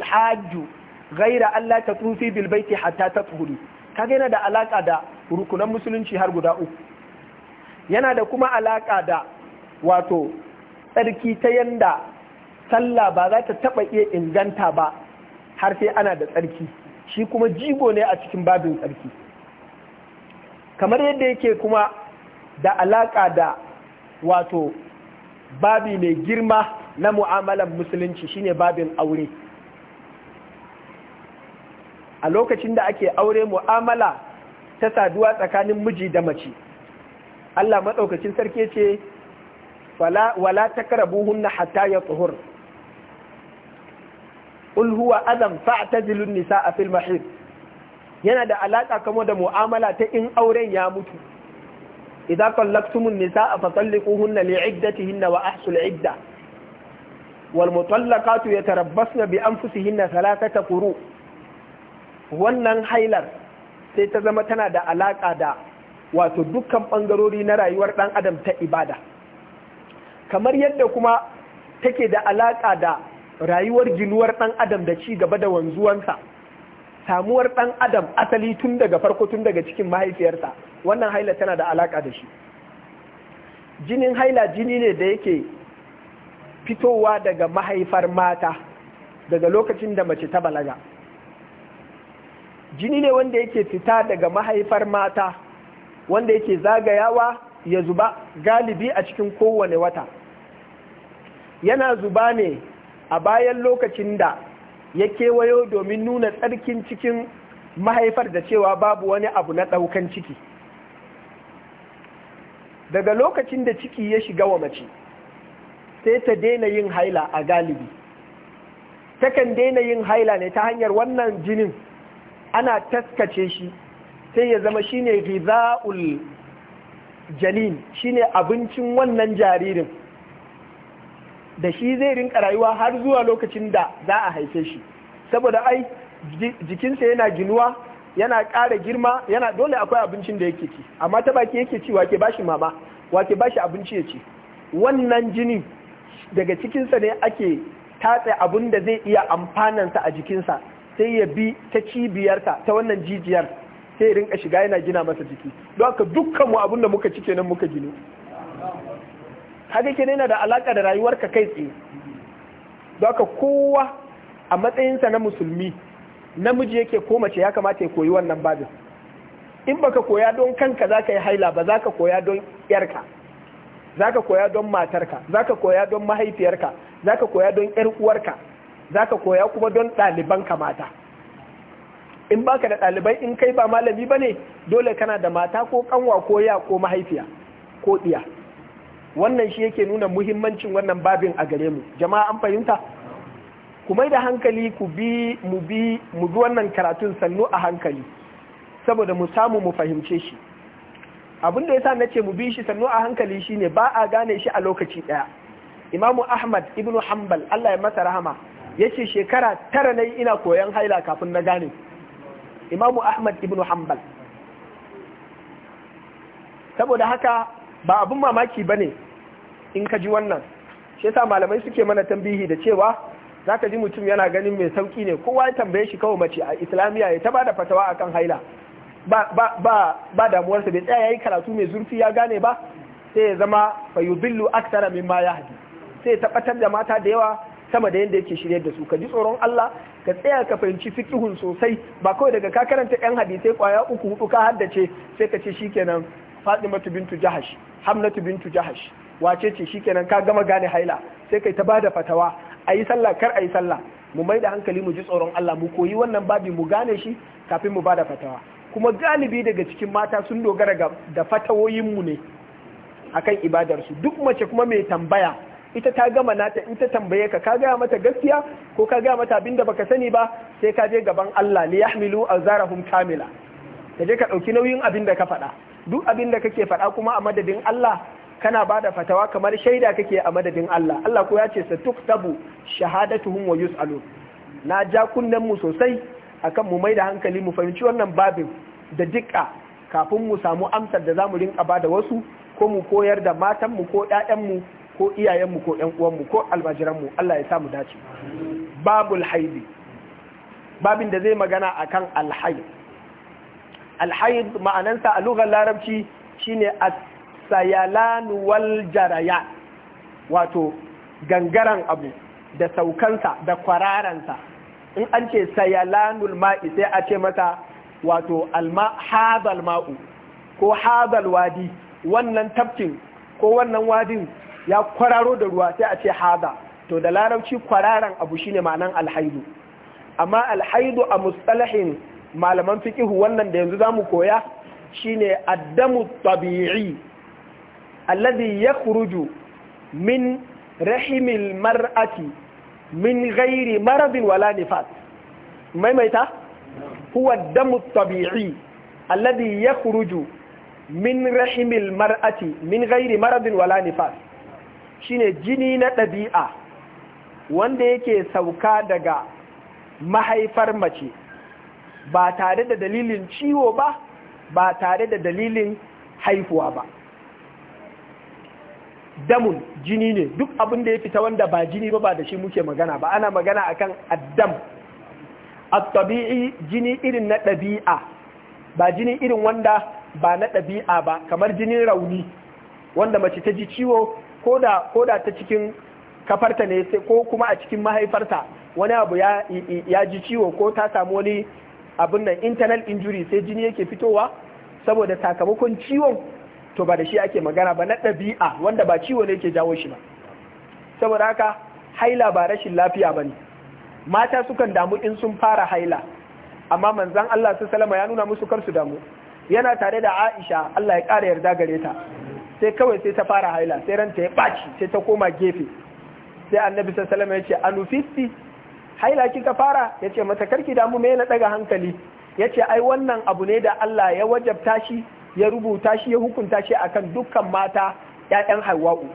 hajju ghaira an la tatufi bil baiti hatta tathuru kaga yana da alaka da rukunan musulunci har guda uku yana da kuma alaƙa da wato tsarki ta yanda sallah ba za ta taɓa iya inganta ba har sai ana da tsarki shi kuma jigo ne a cikin babin tsarki kamar yadda yake kuma da alaƙa da wato babi mai girma na mu'amalan musulunci shine babin aure a lokacin da ake aure mu'amala ta saduwa tsakanin miji da mace Allah maɗaukacin sarki ce wala ta hunna hatta ya tsuhur qul huwa adam fa'tazilu nisaa fil mahid yana da alaka kamar da mu'amala ta in auren ya mutu idza tallaqtumun nisaa fa talliquhunna li'iddatihinna wa ahsul 'idda wal mutallaqatu yatarabbasna bi anfusihinna thalathata quru wannan hailar sai ta zama tana da alaka da wato dukkan bangarori na rayuwar dan adam ta ibada kamar yadda kuma take da alaka da rayuwar ginuwar ɗan adam da ci gaba da wanzuwansa samuwar ɗan adam asali tun daga farko tun daga cikin mahaifiyarsa wannan haila tana da alaka da shi jinin haila jini ne da yake fitowa daga mahaifar mata daga lokacin da mace ta balaga jini ne wanda yake fita daga mahaifar mata wanda yake zagayawa ya zuba galibi a cikin kowane wata yana zuba ne a bayan lokacin da ya kewayo domin nuna tsarkin cikin mahaifar da cewa babu wani abu na ɗaukan ciki daga lokacin da ciki ya shiga wa mace sai ta daina yin haila a galibi takan daina yin haila ne ta hanyar wannan jinin ana taskace shi sai ya zama shine ne janin shine abincin wannan jaririn da shi zai rinka rayuwa har zuwa lokacin da za a haife shi saboda ai jikinsa yana ginuwa yana ƙara girma yana dole akwai abincin da yake ci amma ta baki yake ci wake bashi mama wake bashi abinci ya ci wannan jini daga cikinsa ne ake tatse abin da zai iya amfanansa a jikinsa sai ya bi ta cibiyarta, ta wannan jijiyar sai ya rinka shiga yana gina masa jiki don haka dukkanmu abin da muka ci kenan muka ginu ga ke yana da alaka da rayuwarka kai tsaye don ka kowa a matsayinsa na musulmi namiji yake ko mace ya kamata ya koyi wannan babin in baka koya don kanka za ka yi haila ba za ka koya don yarka ka koya don matarka za ka koya don mahaifiyarka za ka koya don yar uwarka ka koya kuma don ɗalibanka mata in baka da ɗalibai in kai ba malami ba ne dole kana da mata ko kanwa ko ya ko mahaifiya ko ɗiya wannan shi yake nuna muhimmancin wannan babin a gare mu jama'a an fahimta ku mai da hankali ku bi mu bi mu bi wannan karatun sannu a hankali saboda mu samu mu fahimce shi abin da yasa nace mu bi shi sannu a hankali shine ba a gane shi a lokaci daya imamu ahmad ibnu hanbal Allah ya masa rahama yace shekara tara nayi ina koyan haila kafin na gane imamu ahmad ibnu hanbal saboda haka ba abin mamaki ba ne in ka ji wannan shi sa malamai suke mana tambihi da cewa za ka ji mutum yana ganin mai sauki ne kowa ya tambaye shi kawai mace a islamiyya ya ta bada fatawa akan haila ba damuwarsa bai tsaya yi karatu mai zurfi ya gane ba sai ya zama fa yudillu ma ya haɗi sai ya tabbatar da mata da yawa sama da yadda yake shirye da su ka ji tsoron Allah ka tsaya ka fahimci fikihun sosai ba kawai daga ka karanta yan hadisai kwaya uku hudu ka haddace sai ka ce shi shikenan Fatimatu bintu Jahash Hamnatu bintu Jahash wace ce shikenan ka gama gane haila sai kai ta bada fatawa ayi sallah kar ayi sallah mu mai da hankali mu ji tsoron Allah mu koyi wannan babi mu gane shi kafin mu bada fatawa kuma galibi daga cikin mata sun dogara ga da fatawoyin mu ne akan ibadarsu duk mace kuma mai tambaya ita ta gama nata in ta tambaye ka ka gaya mata gaskiya ko ka gaya mata abinda baka sani ba sai ka je gaban Allah li yahmilu azarahum kamila ka je ka ɗauki nauyin abin da ka faɗa duk abin da kake faɗa kuma a madadin Allah kana ba da fatawa kamar shaida kake a madadin Allah Allah ko ya ce sa tuktabu shahadatuhum wa yus'alun na ja kunnen mu sosai akan mu mai da hankali mu fahimci wannan babin da dika kafin mu samu amsar da zamu rinka ba da wasu ko mu koyar da matanmu, ko ƴaƴan ko iyayenmu, ko ƴan uwan ko almajiran mu Allah ya sa mu dace babul haidi babin da zai magana akan alhaid alhaid ma'anansa a lugar larabci shine as-sayalan wal jaraya wato gangaran abu da saukansa da kwararansa in an ce sayalanul ma'i sai a ce mata wato alma hadal ma'u ko hadal wadi wannan tafkin ko wannan wadin ya kwararo da ruwa sai a ce hada to da larabci kwararan abu shine ma'anan alhaidu amma alhaidu a mustalahin malaman fikihu wannan da yanzu za mu koya shine addamu tabi'i alladhi yakhruju min rahimil mar'ati min ghairi maradin wala nifas maimaita huwa addamu tabi'i alladhi yakhruju min rahimil mar'ati min ghairi maradin wala nifas shine jini na ɗabi'a wanda yake sauka daga mahaifar mace ba tare da dalilin ciwo ba ba tare da dalilin haifuwa ba damun jini ne duk abin da ya fita wanda ba jini ba ba da shi muke magana ba ana magana akan addam at-tabi'i jini irin na ɗabi'a ba jini irin wanda ba na ɗabi'a ba kamar jinin rauni wanda mace ta ji ciwo ko da ta cikin kafarta ne sai ko kuma a cikin mahaifarta wani abu ya, ya ji ciwo ko ta samu wani abin nan internal injury sai jini yake fitowa saboda sakamakon ciwon to ba da shi ake magana ba na ɗabi'a wanda ba ciwo ne yake jawo shi ba saboda haka haila ba rashin lafiya ba ne mata sukan damu in sun fara haila amma manzan Allah su salama ya nuna musu kar su damu yana tare da Aisha Allah ya ƙara yarda gare ta sai kawai sai ta fara haila sai ranta ya ɓaci sai ta koma gefe sai annabi sallallahu alaihi wasallam ya ce anufisti haila kika fara Ya yace mata karki damu me na daga hankali Ya ce ai wannan abu ne da Allah ya wajabta shi ya rubuta shi ya hukunta shi akan dukkan mata ƴaƴan haiwa'u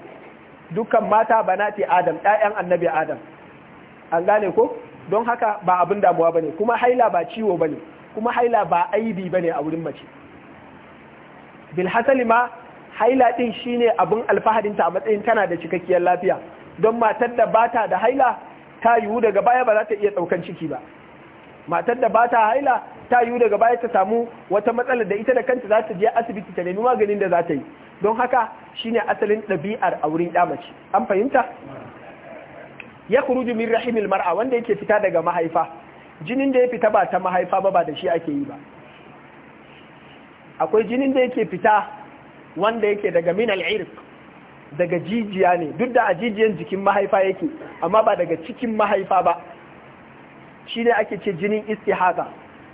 dukkan mata banati Adam ƴaƴan Annabi Adam an gane ko don haka ba abin damuwa bane kuma haila ba ciwo bane kuma haila ba aibi bane a wurin mace bil ma haila din shine abin alfaharinta a matsayin tana da cikakkiyar lafiya don matar da bata da haila ta yiwu daga baya ba za ta iya ɗaukan ciki ba matar da ba ta haila ta yiwu daga baya ta samu wata matsalar da ita da kanta za ta je asibiti ta nemi maganin da za ta yi don haka shine asalin ɗabi'ar a wurin mace an fahimta ya kuruju min rahimil mar'a wanda yake fita daga mahaifa jinin da ya fita ba ta mahaifa ba ba da shi ake yi ba akwai jinin da yake fita wanda yake daga min al'irq daga jijiya ne duk da a jijiyan jikin mahaifa yake amma ba daga cikin mahaifa ba shi ne ake ce jinin istihaza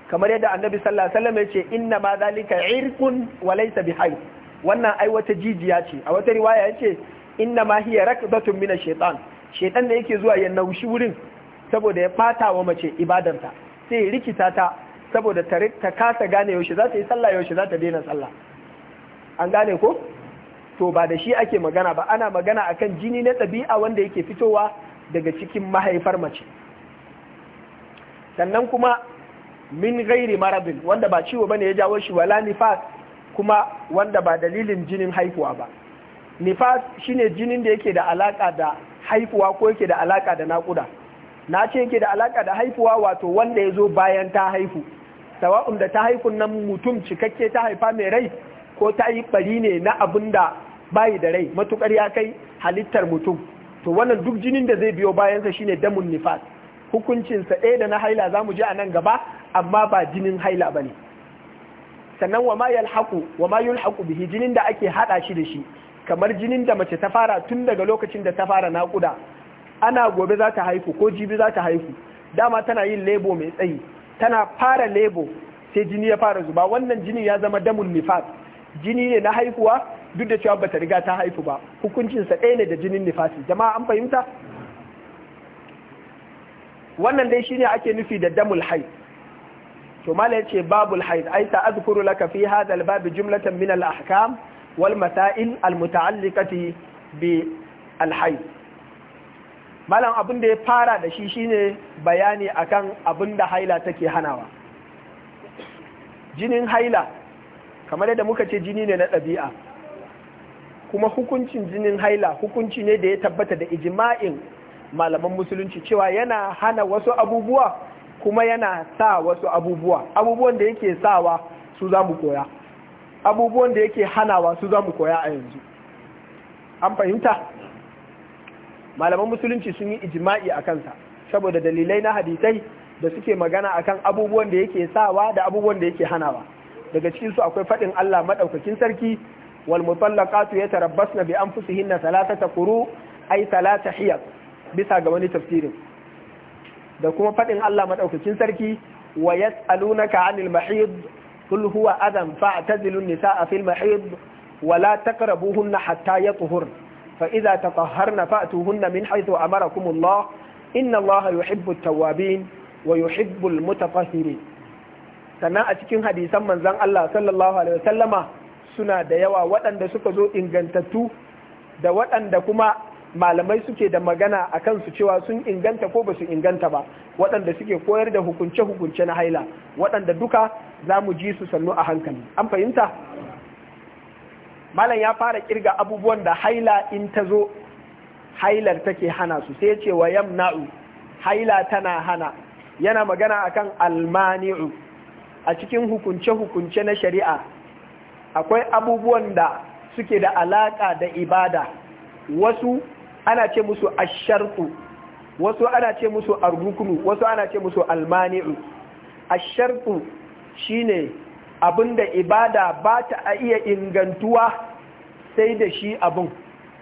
kamar yadda annabi sallallahu alaihi wasallam yace inna ma zalika irqun wa laysa bihayy wannan ai wata jijiya ce a wata riwaya yace inna ma hiya rakbatun min ash-shaytan shaytan da yake zuwa ya naushi wurin saboda ya fata wa mace ibadarta sai rikita ta saboda ta kasa gane yaushe za ta yi sallah yaushe za ta daina sallah an gane ko to ba da shi ake magana ba ana magana akan jini na ɗabi'a wanda yake fitowa daga cikin mahaifar mace sannan kuma min gairi marabin wanda ba ciwo ba ne ya jawo shi wala nifas kuma wanda ba dalilin jinin haihuwa ba nifas shi ne jinin da yake da alaƙa da haihuwa ko yake da alaƙa da naƙuda na ce yake da alaƙa da haihuwa wato wanda ya zo bayan ta haihu sawa'un da ta haihu nan mutum cikakke ta haifa mai rai ko ta yi bari ne na abin da bayi da rai matukar ya kai halittar mutum to wannan duk jinin da zai biyo bayansa shine damun nifas hukuncinsa ɗaya da na haila za mu je a nan gaba amma ba jinin haila ba ne sannan wa ma yalhaqu wa ma yulhaqu bihi jinin da ake hada shi da shi kamar jinin da mace ta fara tun daga lokacin da ta fara naƙuda ana gobe za ta haifu ko jibi za ta haifu dama tana yin lebo mai tsayi tana fara lebo sai jini ya fara zuba wannan jinin ya zama damun nifas jini ne na haihuwa duk da cewa bata riga ta haifu ba hukuncinsa ɗaya ne da jinin nifasi jama'a an fahimta wannan dai shine ake nufi da damul haid to mala yace babul haid ai ta azkuru laka fi hadha al bab jumlatan min al ahkam wal masail al muta'alliqati bi al haid malam abin da ya fara da shi shine bayani akan abin da haila take hanawa jinin haila kamar yadda muka ce jini ne na ɗabi'a kuma hukuncin jinin haila hukunci ne da ya tabbata da ijima'in malaman musulunci cewa yana hana wasu abubuwa kuma yana sa wasu abubuwa abubuwan da yake sawa su za mu koya abubuwan da yake hanawa su za mu koya a yanzu an fahimta malaman musulunci sun yi ijima'i a kansa saboda dalilai na hadisai da suke magana akan abubuwan da yake sawa da abubuwan da yake hanawa daga cikinsu akwai faɗin Allah maɗaukakin sarki ya wal mutallaqatu yatarabbasna bi anfusihinna thalathata kuru ay thalatha hiyat bisa ga wani tafsirin da kuma fadin Allah madaukakin sarki wa yas'alunaka 'anil mahid qul huwa adam fa'tazilun nisaa fil mahid wa la taqrabuhunna hatta yatuhurna فإذا تطهرن فأتوهن من حيث أمركم الله إن الله يحب التوابين ويحب المتطهرين sannan a cikin hadisan manzon Allah sallallahu alaihi wasallama suna da yawa waɗanda suka zo ingantattu da waɗanda kuma malamai suke da magana a kansu cewa sun inganta ko ba su inganta ba waɗanda suke koyar da hukunce-hukunce na haila waɗanda duka za mu ji su sannu a hankali an fahimta malam ya fara kirga abubuwan da haila in ta zo hailar take hana su sai ce wa yamna'u haila tana hana yana magana akan almani'u a cikin hukunce-hukunce na shari'a akwai abubuwan da suke da alaka da ibada wasu ana ce musu asharku wasu ana ce musu arrukunu wasu ana ce musu almani'u ne abun da ibada ba ta iya ingantuwa sai da shi abin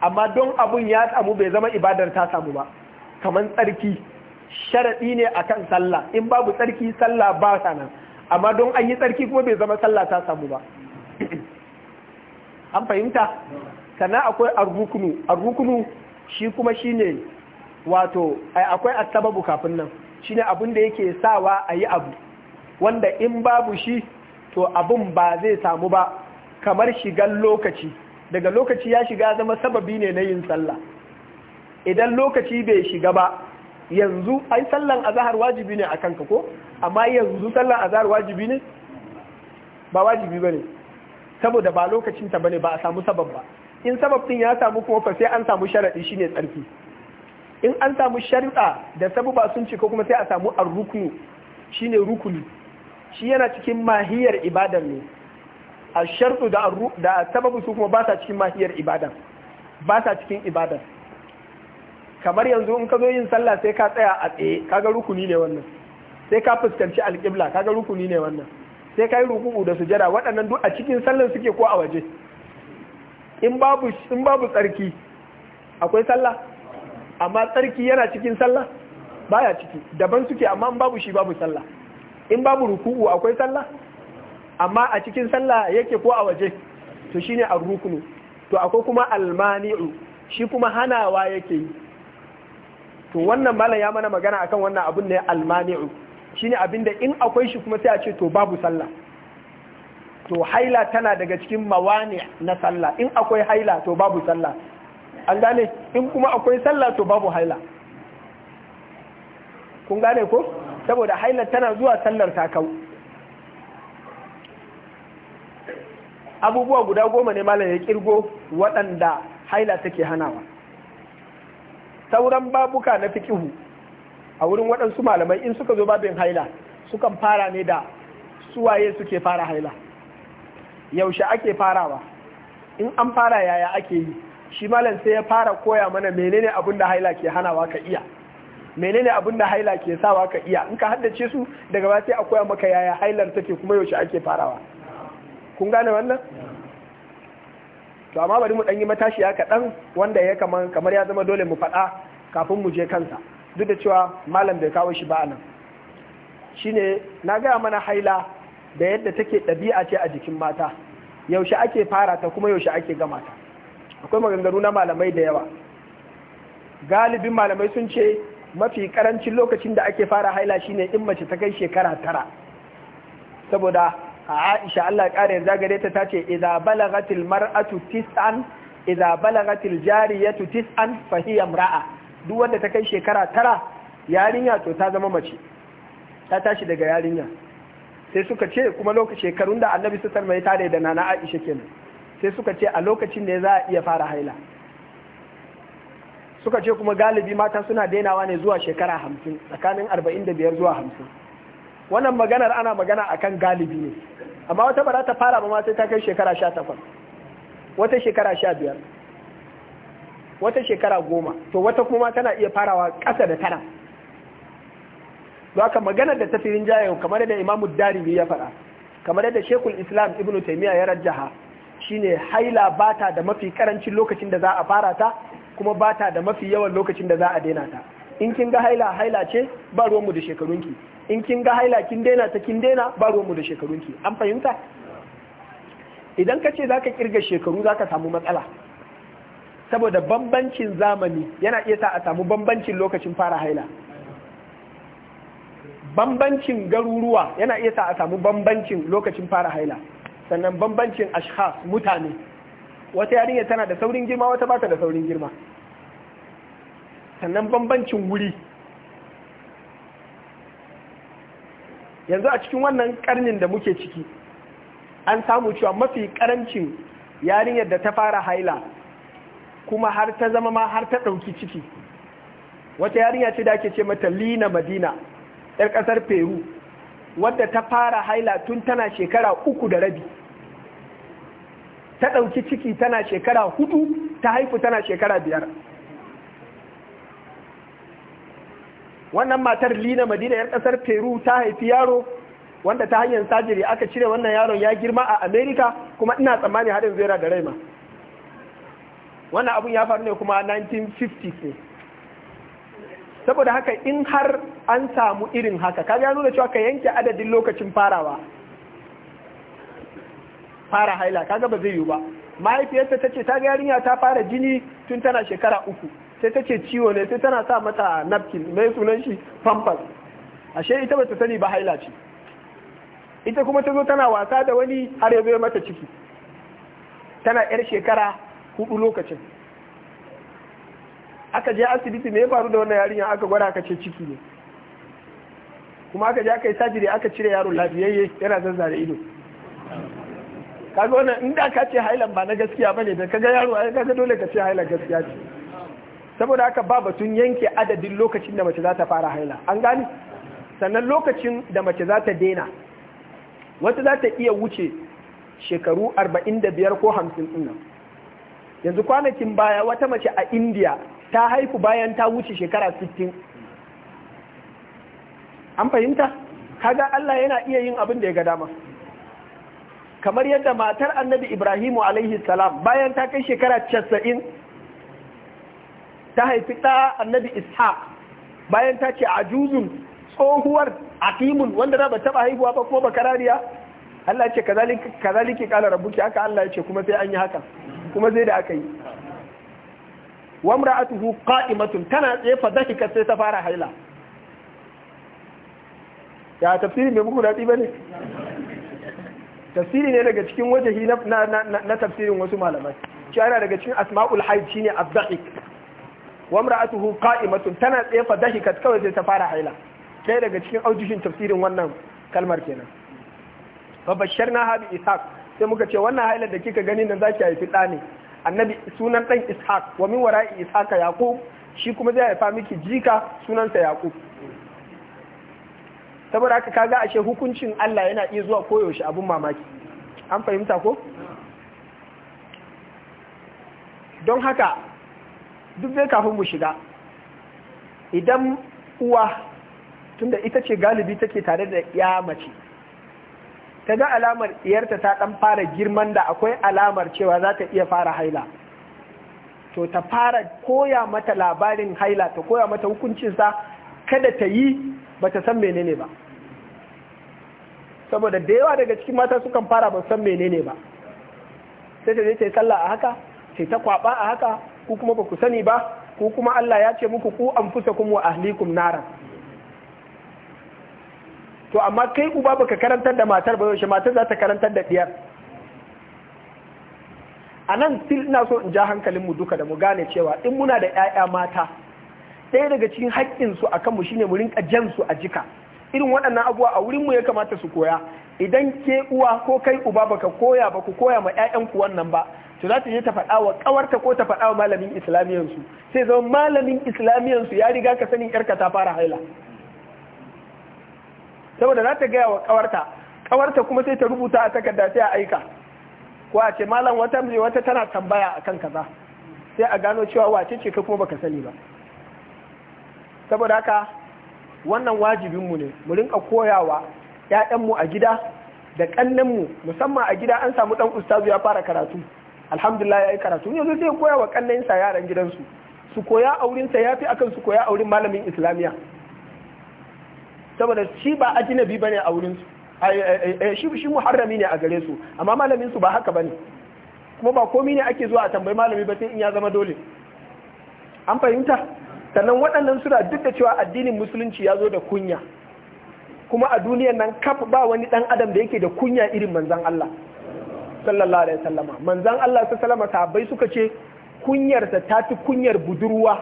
amma don abun ya samu bai zama ibadar ta samu ba kamar tsarki sharaɗi ne a kan sallah in babu tsarki sallah ba sana. amma don an yi tsarki kuma bai zama sallah ta samu ba an fahimta sannan akwai arrukunu arrukunu shi kuma shi ne wato akwai asababu kafin nan Shi ne abin da yake sawa a yi abu wanda in babu shi to abin ba zai samu ba kamar shigan lokaci daga lokaci ya shiga zama sababi ne na yin sallah idan lokaci bai shiga ba yanzu ai sallan azahar wajibi ne a kanka ko amma yanzu sallan azahar wajibi ne ba wajibi ba ne saboda ba lokacin ta bane ba a samu sabab ba in sabab din ya samu kuma fa sai an samu sharadi shine tsarki in an samu shari'a da sabuba sun cika kuma sai a samu ar rukunu shine rukuni shi yana cikin mahiyar ibadan ne a shartu da da sababu su kuma ba sa cikin mahiyar ibadan ba sa cikin ibadan kamar yanzu in ka zo yin sallah sai ka tsaya a tsaye kaga rukuni ne wannan sai ka fuskanci alƙibla kaga rukuni ne wannan sai kai rukuku da sujada waɗannan duk a cikin sallan suke ko a waje in babu in babu tsarki akwai sallah amma tsarki yana cikin sallah baya ciki daban suke amma in babu shi babu sallah in babu rukuku akwai sallah amma a cikin sallah yake ko a waje to shine ar rukunu to akwai kuma almani'u shi kuma hanawa yake yi to wannan malam ya mana magana akan wannan abun ne almani'u shine abinda in akwai shi kuma sai a ce to babu sallah to haila tana daga cikin mawani na sallah in akwai haila to babu sallah an gane in kuma akwai sallah to babu haila kun gane ko saboda haila tana zuwa sallar ta kau abubuwa guda goma ne malam ya kirgo waɗanda haila take hanawa sauran babuka na fikihu a wurin waɗansu malamai in suka zo babin haila sukan fara ne da suwaye suke fara haila yaushe ake farawa in an fara yaya ake yi shi malam sai ya fara koya mana menene abin da haila ke hanawa ka iya menene abin da haila ke sawa ka iya in ka haddace su daga ba sai a koya maka yaya hailar take kuma yaushe ake farawa kun gane wannan to amma bari mu ɗan yi matashiya kaɗan wanda ya kamar ya zama dole mu faɗa kafin mu je kansa duk da cewa malam bai kawo shi ba nan shine na gaya mana haila da yadda take ɗabi'a ce a jikin mata yaushe ake fara ta kuma yaushe ake gama ta akwai maganganu na malamai da yawa galibin malamai sun ce mafi karancin lokacin da ake fara haila shine in mace ta kai shekara tara saboda a Aisha Allah ƙara ya gare ta ce. idza balagatil mar'atu tis'an idza balagatil jariyatu tis'an fa duk wanda ta kai shekara tara yarinya to ta zama mace ta tashi daga yarinya sai suka ce kuma lokacin shekarun da annabi su mai tare da nana aisha kenan sai suka ce a lokacin ne za a iya fara haila suka ce kuma galibi mata suna dainawa ne zuwa shekara hamsin tsakanin arba'in da biyar zuwa hamsin wannan maganar ana magana akan galibi ne amma wata ba ta fara ba ma sai ta kai shekara sha takwas wata shekara sha biyar wata shekara goma to wata kuma tana iya farawa ƙasa da tara haka magana da ta firin jayen kamar da imamu darimi ya faɗa kamar da shekul islam Ibn taimiyya ya rajjaha shine haila bata da mafi karancin lokacin da za a fara ta kuma bata da mafi yawan lokacin da za a daina ta in kin ga haila haila ce ba ruwanmu da shekarunki in kin ga haila kin daina ta kin daina ba ruwanmu da shekarunki an fahimta idan ka ce za ka kirga shekaru za ka samu matsala saboda bambancin zamani yana iya sa a samu bambancin lokacin fara haila bambancin garuruwa yana iya sa a samu bambancin lokacin fara haila sannan bambancin ashkhas mutane wata yarinya tana da saurin girma wata ba ta da saurin girma sannan bambancin wuri yanzu a cikin wannan karnin da muke ciki an samu cewa mafi karancin yarinyar da ta fara haila kuma har ta zama ma har ta ɗauki ciki wata yarinya ce da ake ce mata lina madina yar ƙasar peru wadda ta fara haila tun tana shekara uku da rabi ta ɗauki ciki tana shekara hudu ta haifu tana shekara biyar wannan matar lina madina yar ƙasar peru ta haifi yaro wanda ta hanyar sajiri aka cire wannan yaron ya girma a amerika kuma ina tsammani haɗin zera da raima wannan abun ya faru ne kuma 1950 s ne saboda haka in har an samu irin haka ka ya nuna cewa ka yanke adadin lokacin farawa fara haila ka gaba zai yiwu ba mahaifiyarsa ta ce ta ga yarinya ta fara jini tun tana shekara uku sai ta ce ciwo ne sai tana sa mata napkin mai sunan shi pampers ashe ita bata sani ba haila ce ita kuma ta zo tana wasa da wani har ya mata ciki tana yar shekara hudu lokacin aka je asibiti me ya faru da wannan yarinya aka gwada aka ce ciki ne kuma aka je aka yi sajiri aka cire yaron lafiyayye yana zazzare ido kaga wannan inda ka ce hailan ba na gaskiya bane da kaga yaro ai kaga dole ka ce hailan gaskiya ce saboda haka ba batun yanke adadin lokacin da mace za ta fara haila an gani sannan lokacin da mace za ta daina wata za ta iya wuce shekaru 45 ko 50 din nan yanzu kwanakin baya wata mace a indiya ta haifu bayan ta wuce shekara 60 an fahimta kaga allah yana iya yin abin da ya ga dama kamar yadda matar annabi ibrahimu alaihi salam bayan ta kai shekara 90 ta haifi ta annabi Isha, bayan ta ce a juzun tsohuwar akimun wanda na ba taba haihuwa ba kuma ba karariya Allah ce ce kazalika kala qala haka Allah ce kuma sai an yi haka kuma zai da aka yi wa tuhu qa'imatun tana tsaye fa dahika sai ta fara haila ya tafsiri mai muku daɗi bane tafsiri ne daga cikin wajahi na na tafsirin wasu malamai shi ana daga cikin asma'ul haid shine az-dahik wa tuhu qa'imatun tana tsaye fa dahikat kawai sai ta fara haila sai daga cikin aujishin tafsirin wannan kalmar kenan fa basharna ha bi sai muka ce wannan hailar da kika gani nan zaki haifi ɗa ne annabi sunan ɗan ishaq wa min wara'i ishaqa yaqub shi kuma zai haifa miki jika sunansa yaqub saboda haka kaga ashe hukuncin Allah yana iya zuwa koyaushe abun mamaki an fahimta ko don haka duk zai kafin mu shiga idan uwa tunda ita ce galibi take tare da ya mace ta ga alamar iyarta ta ɗan fara girman da akwai alamar cewa za ta iya fara haila to ta fara koya mata labarin haila ta koya mata hukuncinsa kada ta yi ba ta san menene ba saboda da yawa daga cikin mata sukan fara ba san menene ba sai ta je ta yi sallah a haka sai ta kwaba a haka ku kuma ba ku sani ba ku kuma Allah ya ce muku ku anfusakum wa ahlikum naran to amma kai uba baka karantar da matar ba yaushe matar za ta karantar da diyar a nan still ina so in ja hankalinmu duka da mu gane cewa in muna da 'ya'ya mata ɗaya daga cikin haƙƙinsu a kanmu shine mu rinƙa jan su a jika irin waɗannan abuwa a wurinmu ya kamata su koya idan ke uwa ko kai uba baka koya ba ku koya ma 'ya'yanku wannan ba to za ta je ta faɗa wa ƙawarta ko ta faɗa wa malamin islamiyansu sai zama malamin islamiyansu ya riga ka sanin yarka ta fara haila saboda za ta gaya wa kawarta kawarta kuma sai ta rubuta a takarda sai a aika ko a ce malam wata mai wata tana tambaya a kan kaza sai a gano cewa wace ce ka kuma baka sani ba saboda haka wannan wajibinmu ne mu rinka koyawa ‘ya'yanmu a gida da ƙannenmu musamman a gida an samu ɗan ustazu ya fara karatu alhamdulillah ya yi karatu yanzu zai koya wa ƙannensa yaran gidansu su koya aurinsa ya fi akan su koya aurin malamin islamiyya saboda shi ba ajinabi bane a wurin su shi muharrami ne a gare su amma malamin su ba haka ba ne. kuma ba komi ne ake zuwa a tambayi malami ba sai in ya zama dole an fahimta sannan waɗannan suna duk da cewa addinin musulunci ya zo da kunya kuma a duniyar nan kaf ba wani ɗan adam da yake da kunya irin manzan Allah sallallahu alaihi wasallama manzan Allah sallallahu alaihi suka ce kunyarsa ta fi kunyar budurwa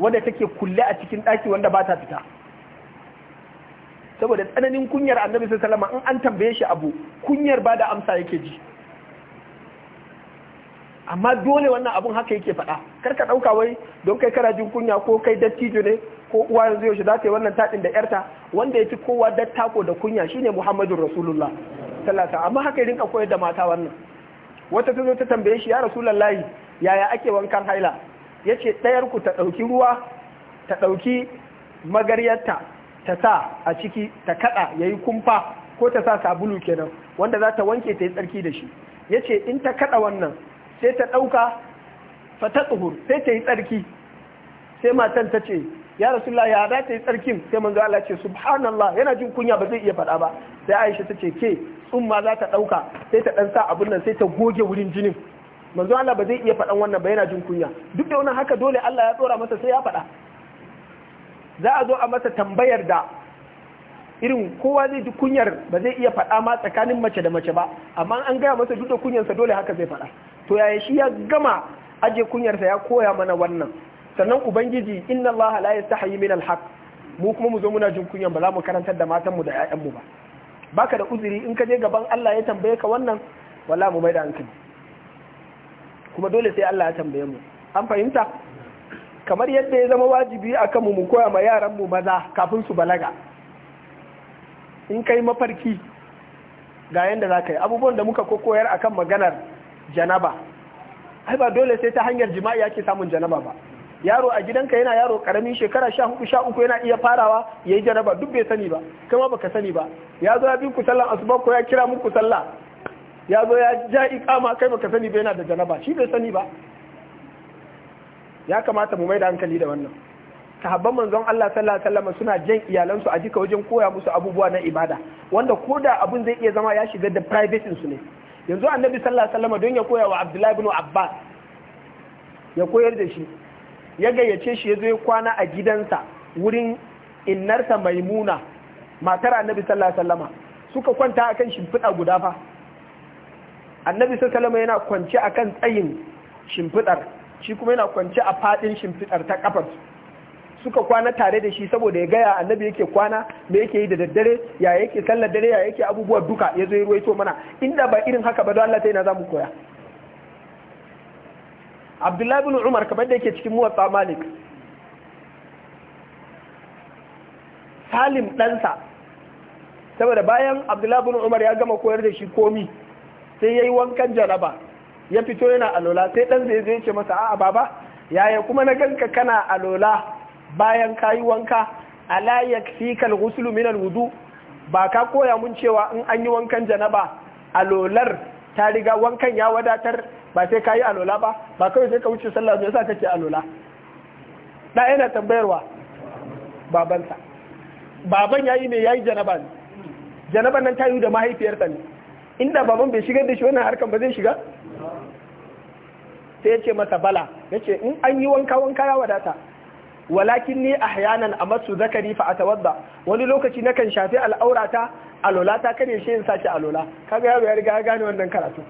wanda take kulle a cikin ɗaki wanda ba ta fita saboda tsananin kunyar annabi sai salama in an tambaye shi abu kunyar ba da amsa yake ji amma dole wannan abun haka yake faɗa kar ka ɗauka wai don kai kana jin kunya ko kai dattijo ne ko uwa yanzu yaushe za ta yi wannan taɗin da yarta wanda ya fi kowa datta ko da kunya shine Muhammadu rasulullah sallallahu amma haka rinka koyar da mata wannan wata ta zo ta tambaye shi ya rasulullahi yaya ake wankan haila yace ɗayar ku ta ɗauki ruwa ta ɗauki magaryarta ta sa a ciki ta kada yayi kumfa ko ta sa sabulu kenan wanda za ta wanke ta yi tsarki da shi yace in ta kada wannan sai ta dauka fa ta tsuhur sai ta yi tsarki sai matan ta ce ya rasulullah ya da ta yi tsarkin sai manzo Allah ce subhanallah yana jin kunya ba zai iya faɗa ba sai Aisha ta ce ke tsumma za ta dauka sai ta ɗan sa abun nan sai ta goge wurin jinin manzo Allah ba zai iya faɗan wannan ba yana jin kunya duk da wannan haka dole Allah ya tsora masa sai ya faɗa za a zo a masa tambayar da irin kowa zai ji kunyar ba zai iya faɗa ma tsakanin mace da mace ba amma an gaya masa duk da kunyarsa dole haka zai faɗa to yaya shi ya gama aje kunyarsa ya koya mana wannan sannan ubangiji inna allaha la yastahi min alhaq mu kuma mu zo muna jin kunyar ba za mu karantar da matan mu da ƴaƴan mu ba baka da uzuri in ka je gaban Allah ya tambaye ka wannan wala mu mai da hankali kuma dole sai Allah ya tambaye mu an fahimta kamar yadda ya zama wajibi a kanmu mu koya ma yaranmu maza kafin su balaga in kai mafarki ga yadda za ka yi abubuwan da muka koyar a kan maganar janaba ai ba dole sai ta hanyar jima'i ake samun janaba ba yaro a gidanka yana yaro karamin shekara sha hudu sha uku yana iya farawa ya yi janaba duk bai sani ba kama baka sani ba ya zo ya bi ku sallan asuba ko ya kira muku sallah ya zo ya ja ikama kai baka sani ba yana da janaba shi bai sani ba ya kamata mu mai da hankali da wannan sahabban manzon Allah sallallahu alaihi wasallam suna jan iyalansu a jika wajen koya musu abubuwa na ibada wanda ko da abun zai iya zama ya shiga da privacy su ne yanzu annabi sallallahu alaihi wasallam don ya koya wa Abdullahi ibn Abbas ya koyar da shi ya gayyace shi ya zo kwana a gidansa wurin innarsa maimuna matar annabi sallallahu alaihi wasallam suka kwanta akan shimfiɗa guda fa annabi sallallahu alaihi wasallam yana kwance akan tsayin shimfiɗar shi kuma yana kwance a fadin shimfidar ta kafar suka kwana tare da shi saboda ya gaya annabi yake kwana me yake yi da daddare ya yake sallar dare ya yake abubuwa duka ya zo ya to mana inda ba irin haka ba don Allah ta yi na zamu koya Abdullahi bin Umar kamar da yake cikin muwatta Malik Salim ɗansa saboda bayan Abdullahi bin Umar ya gama koyar da shi komi sai yayi wankan jaraba ya fito yana alola sai dan zai zai ce masa a'a baba yaya kuma na ganka kana alola bayan kayi wanka ala yakfika alghusl min alwudu ba ka koya mun cewa in an yi wankan janaba alolar ta riga wankan ya wadatar ba sai kayi alola ba ba kai sai ka wuce sallah me yasa kake alola da yana tambayarwa babansa baban yayi me yayi janaba ne janaban nan ta yi da mahaifiyarsa ne inda baban bai shigar da shi wannan harkan ba zai shiga sai ya ce masa bala ya ce in an yi wanka wanka ya wadata walakin ni a amatsu zakari fa atawadda wani lokaci nakan shafi al'aurata alola ta kare shi in sace alola kaga yaro ya riga ya gane wannan karatu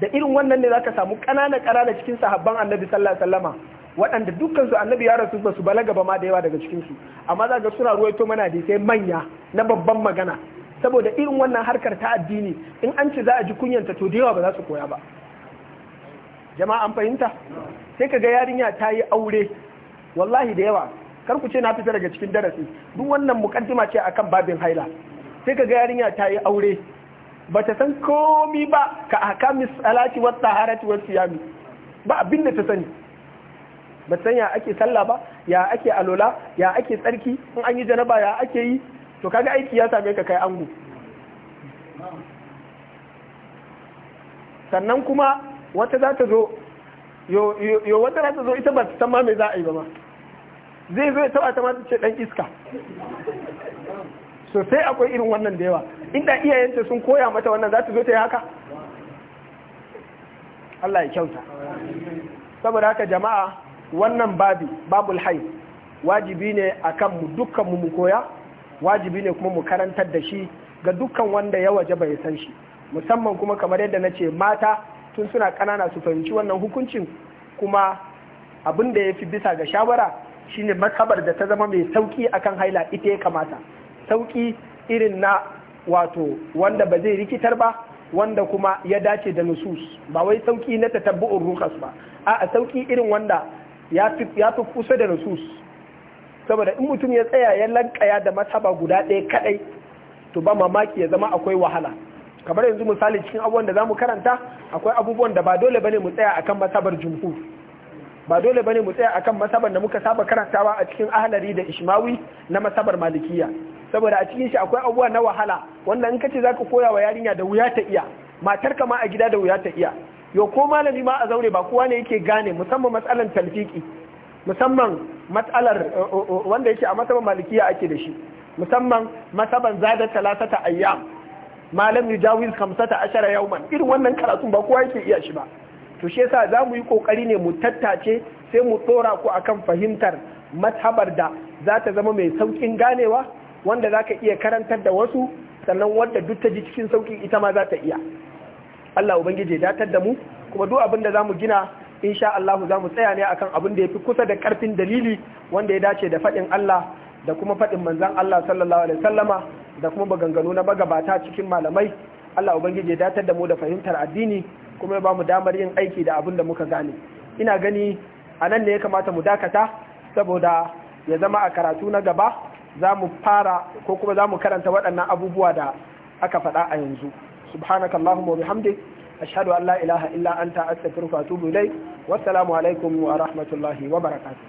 da irin wannan ne zaka samu kanana kanana cikin sahabban annabi sallallahu alaihi wasallama waɗanda dukkan su annabi ya rasu ba su balaga ba ma da yawa daga cikin su amma zaka suna ruwaito mana da sai manya na babban magana saboda irin wannan harkar ta addini in an ce za a ji kunyanta to da yawa ba za su koya ba jama'a an fahimta sai ka ga yarinya ta yi aure wallahi da yawa kar ku ce na fita daga cikin darasi duk wannan mukaddima ce akan babin haila sai ka ga yarinya ta yi aure ba ta san komi ba ka ahkamis misalati wa taharati wa siyami ba abin da ta sani ba san ya ake sallah ba ya ake alola ya ake tsarki in an yi janaba ya ake yi to kaga aiki ya same ka kai ango sannan kuma wata za ta zo yo wata za ta zo ita ba ta san ma me za a yi ba ma zai zo ya taba ta mata ce dan iska sai akwai irin wannan da yawa inda iyayenta sun koya mata wannan za ta zo ta yi haka Allah ya kyauta saboda haka jama'a wannan babi babul hai wajibi ne akan mu dukkan mu koya wajibi ne kuma mu karantar da shi ga dukkan wanda ya waje bai san shi musamman kuma kamar yadda na ce mata tun suna ƙanana su fahimci wannan hukuncin kuma abin da ya fi bisa ga shawara shine makabar da ta zama mai sauki akan haila ita ya kamata sauki irin na wato wanda ba zai rikitar ba wanda kuma ya dace da nusus ba wai sauki na tatabbu'ur rukas ba a sauki irin wanda ya fi kusa da nusus saboda in mutum ya tsaya ya lankaya da masaba guda ɗaya kaɗai, to ba mamaki ya zama akwai wahala kamar yanzu misali cikin abubuwan da za mu karanta akwai abubuwan da ba dole bane mu tsaya akan masabar jumhu. ba dole bane mu tsaya akan masabar da muka saba karantawa a cikin ahlari da ishmawi na masabar malikiya saboda a cikin shi akwai abubuwa na wahala wanda in kace zaka koya wa yarinya da wuya ta iya matar ka ma a gida da wuya ta iya yo ko malami ma a zaure ba kowa ne yake gane musamman matsalar talfiki musamman matsalar eh, eh, eh, wanda yake a masabar malikiya ake da shi musamman masaban zada talatata ayyam malam yujawiz khamsata ashara yawman irin wannan karatun ba kowa yake iya shi ba to shi yasa za mu yi kokari ne mu tattace sai mu tsora ku akan fahimtar mazhabar da za ta zama mai saukin ganewa wanda za ka iya karantar da wasu sannan wadda duk ta ji cikin sauki ita ma za ta iya Allah ubangiji ya datar da mu kuma duk abin da za mu gina insha Allah za mu tsaya ne akan abin da ya fi kusa da karfin dalili wanda ya dace da faɗin Allah da kuma faɗin manzon Allah sallallahu alaihi wasallama da kuma ba ganganu na ba gabata cikin malamai Allah ubangiji ya datar da mu da fahimtar addini kuma ya ba mu damar yin aiki da abin da muka gane ina gani a nan ne ya kamata mu dakata saboda ya zama a karatu na gaba za mu fara ko kuma za mu karanta waɗannan abubuwa da aka faɗa a yanzu subhanaka allahumma bihamdik ashhadu an la ilaha illa anta astaghfiruka wa atubu ilayk wassalamu alaikum wa rahmatullahi wa barakatuh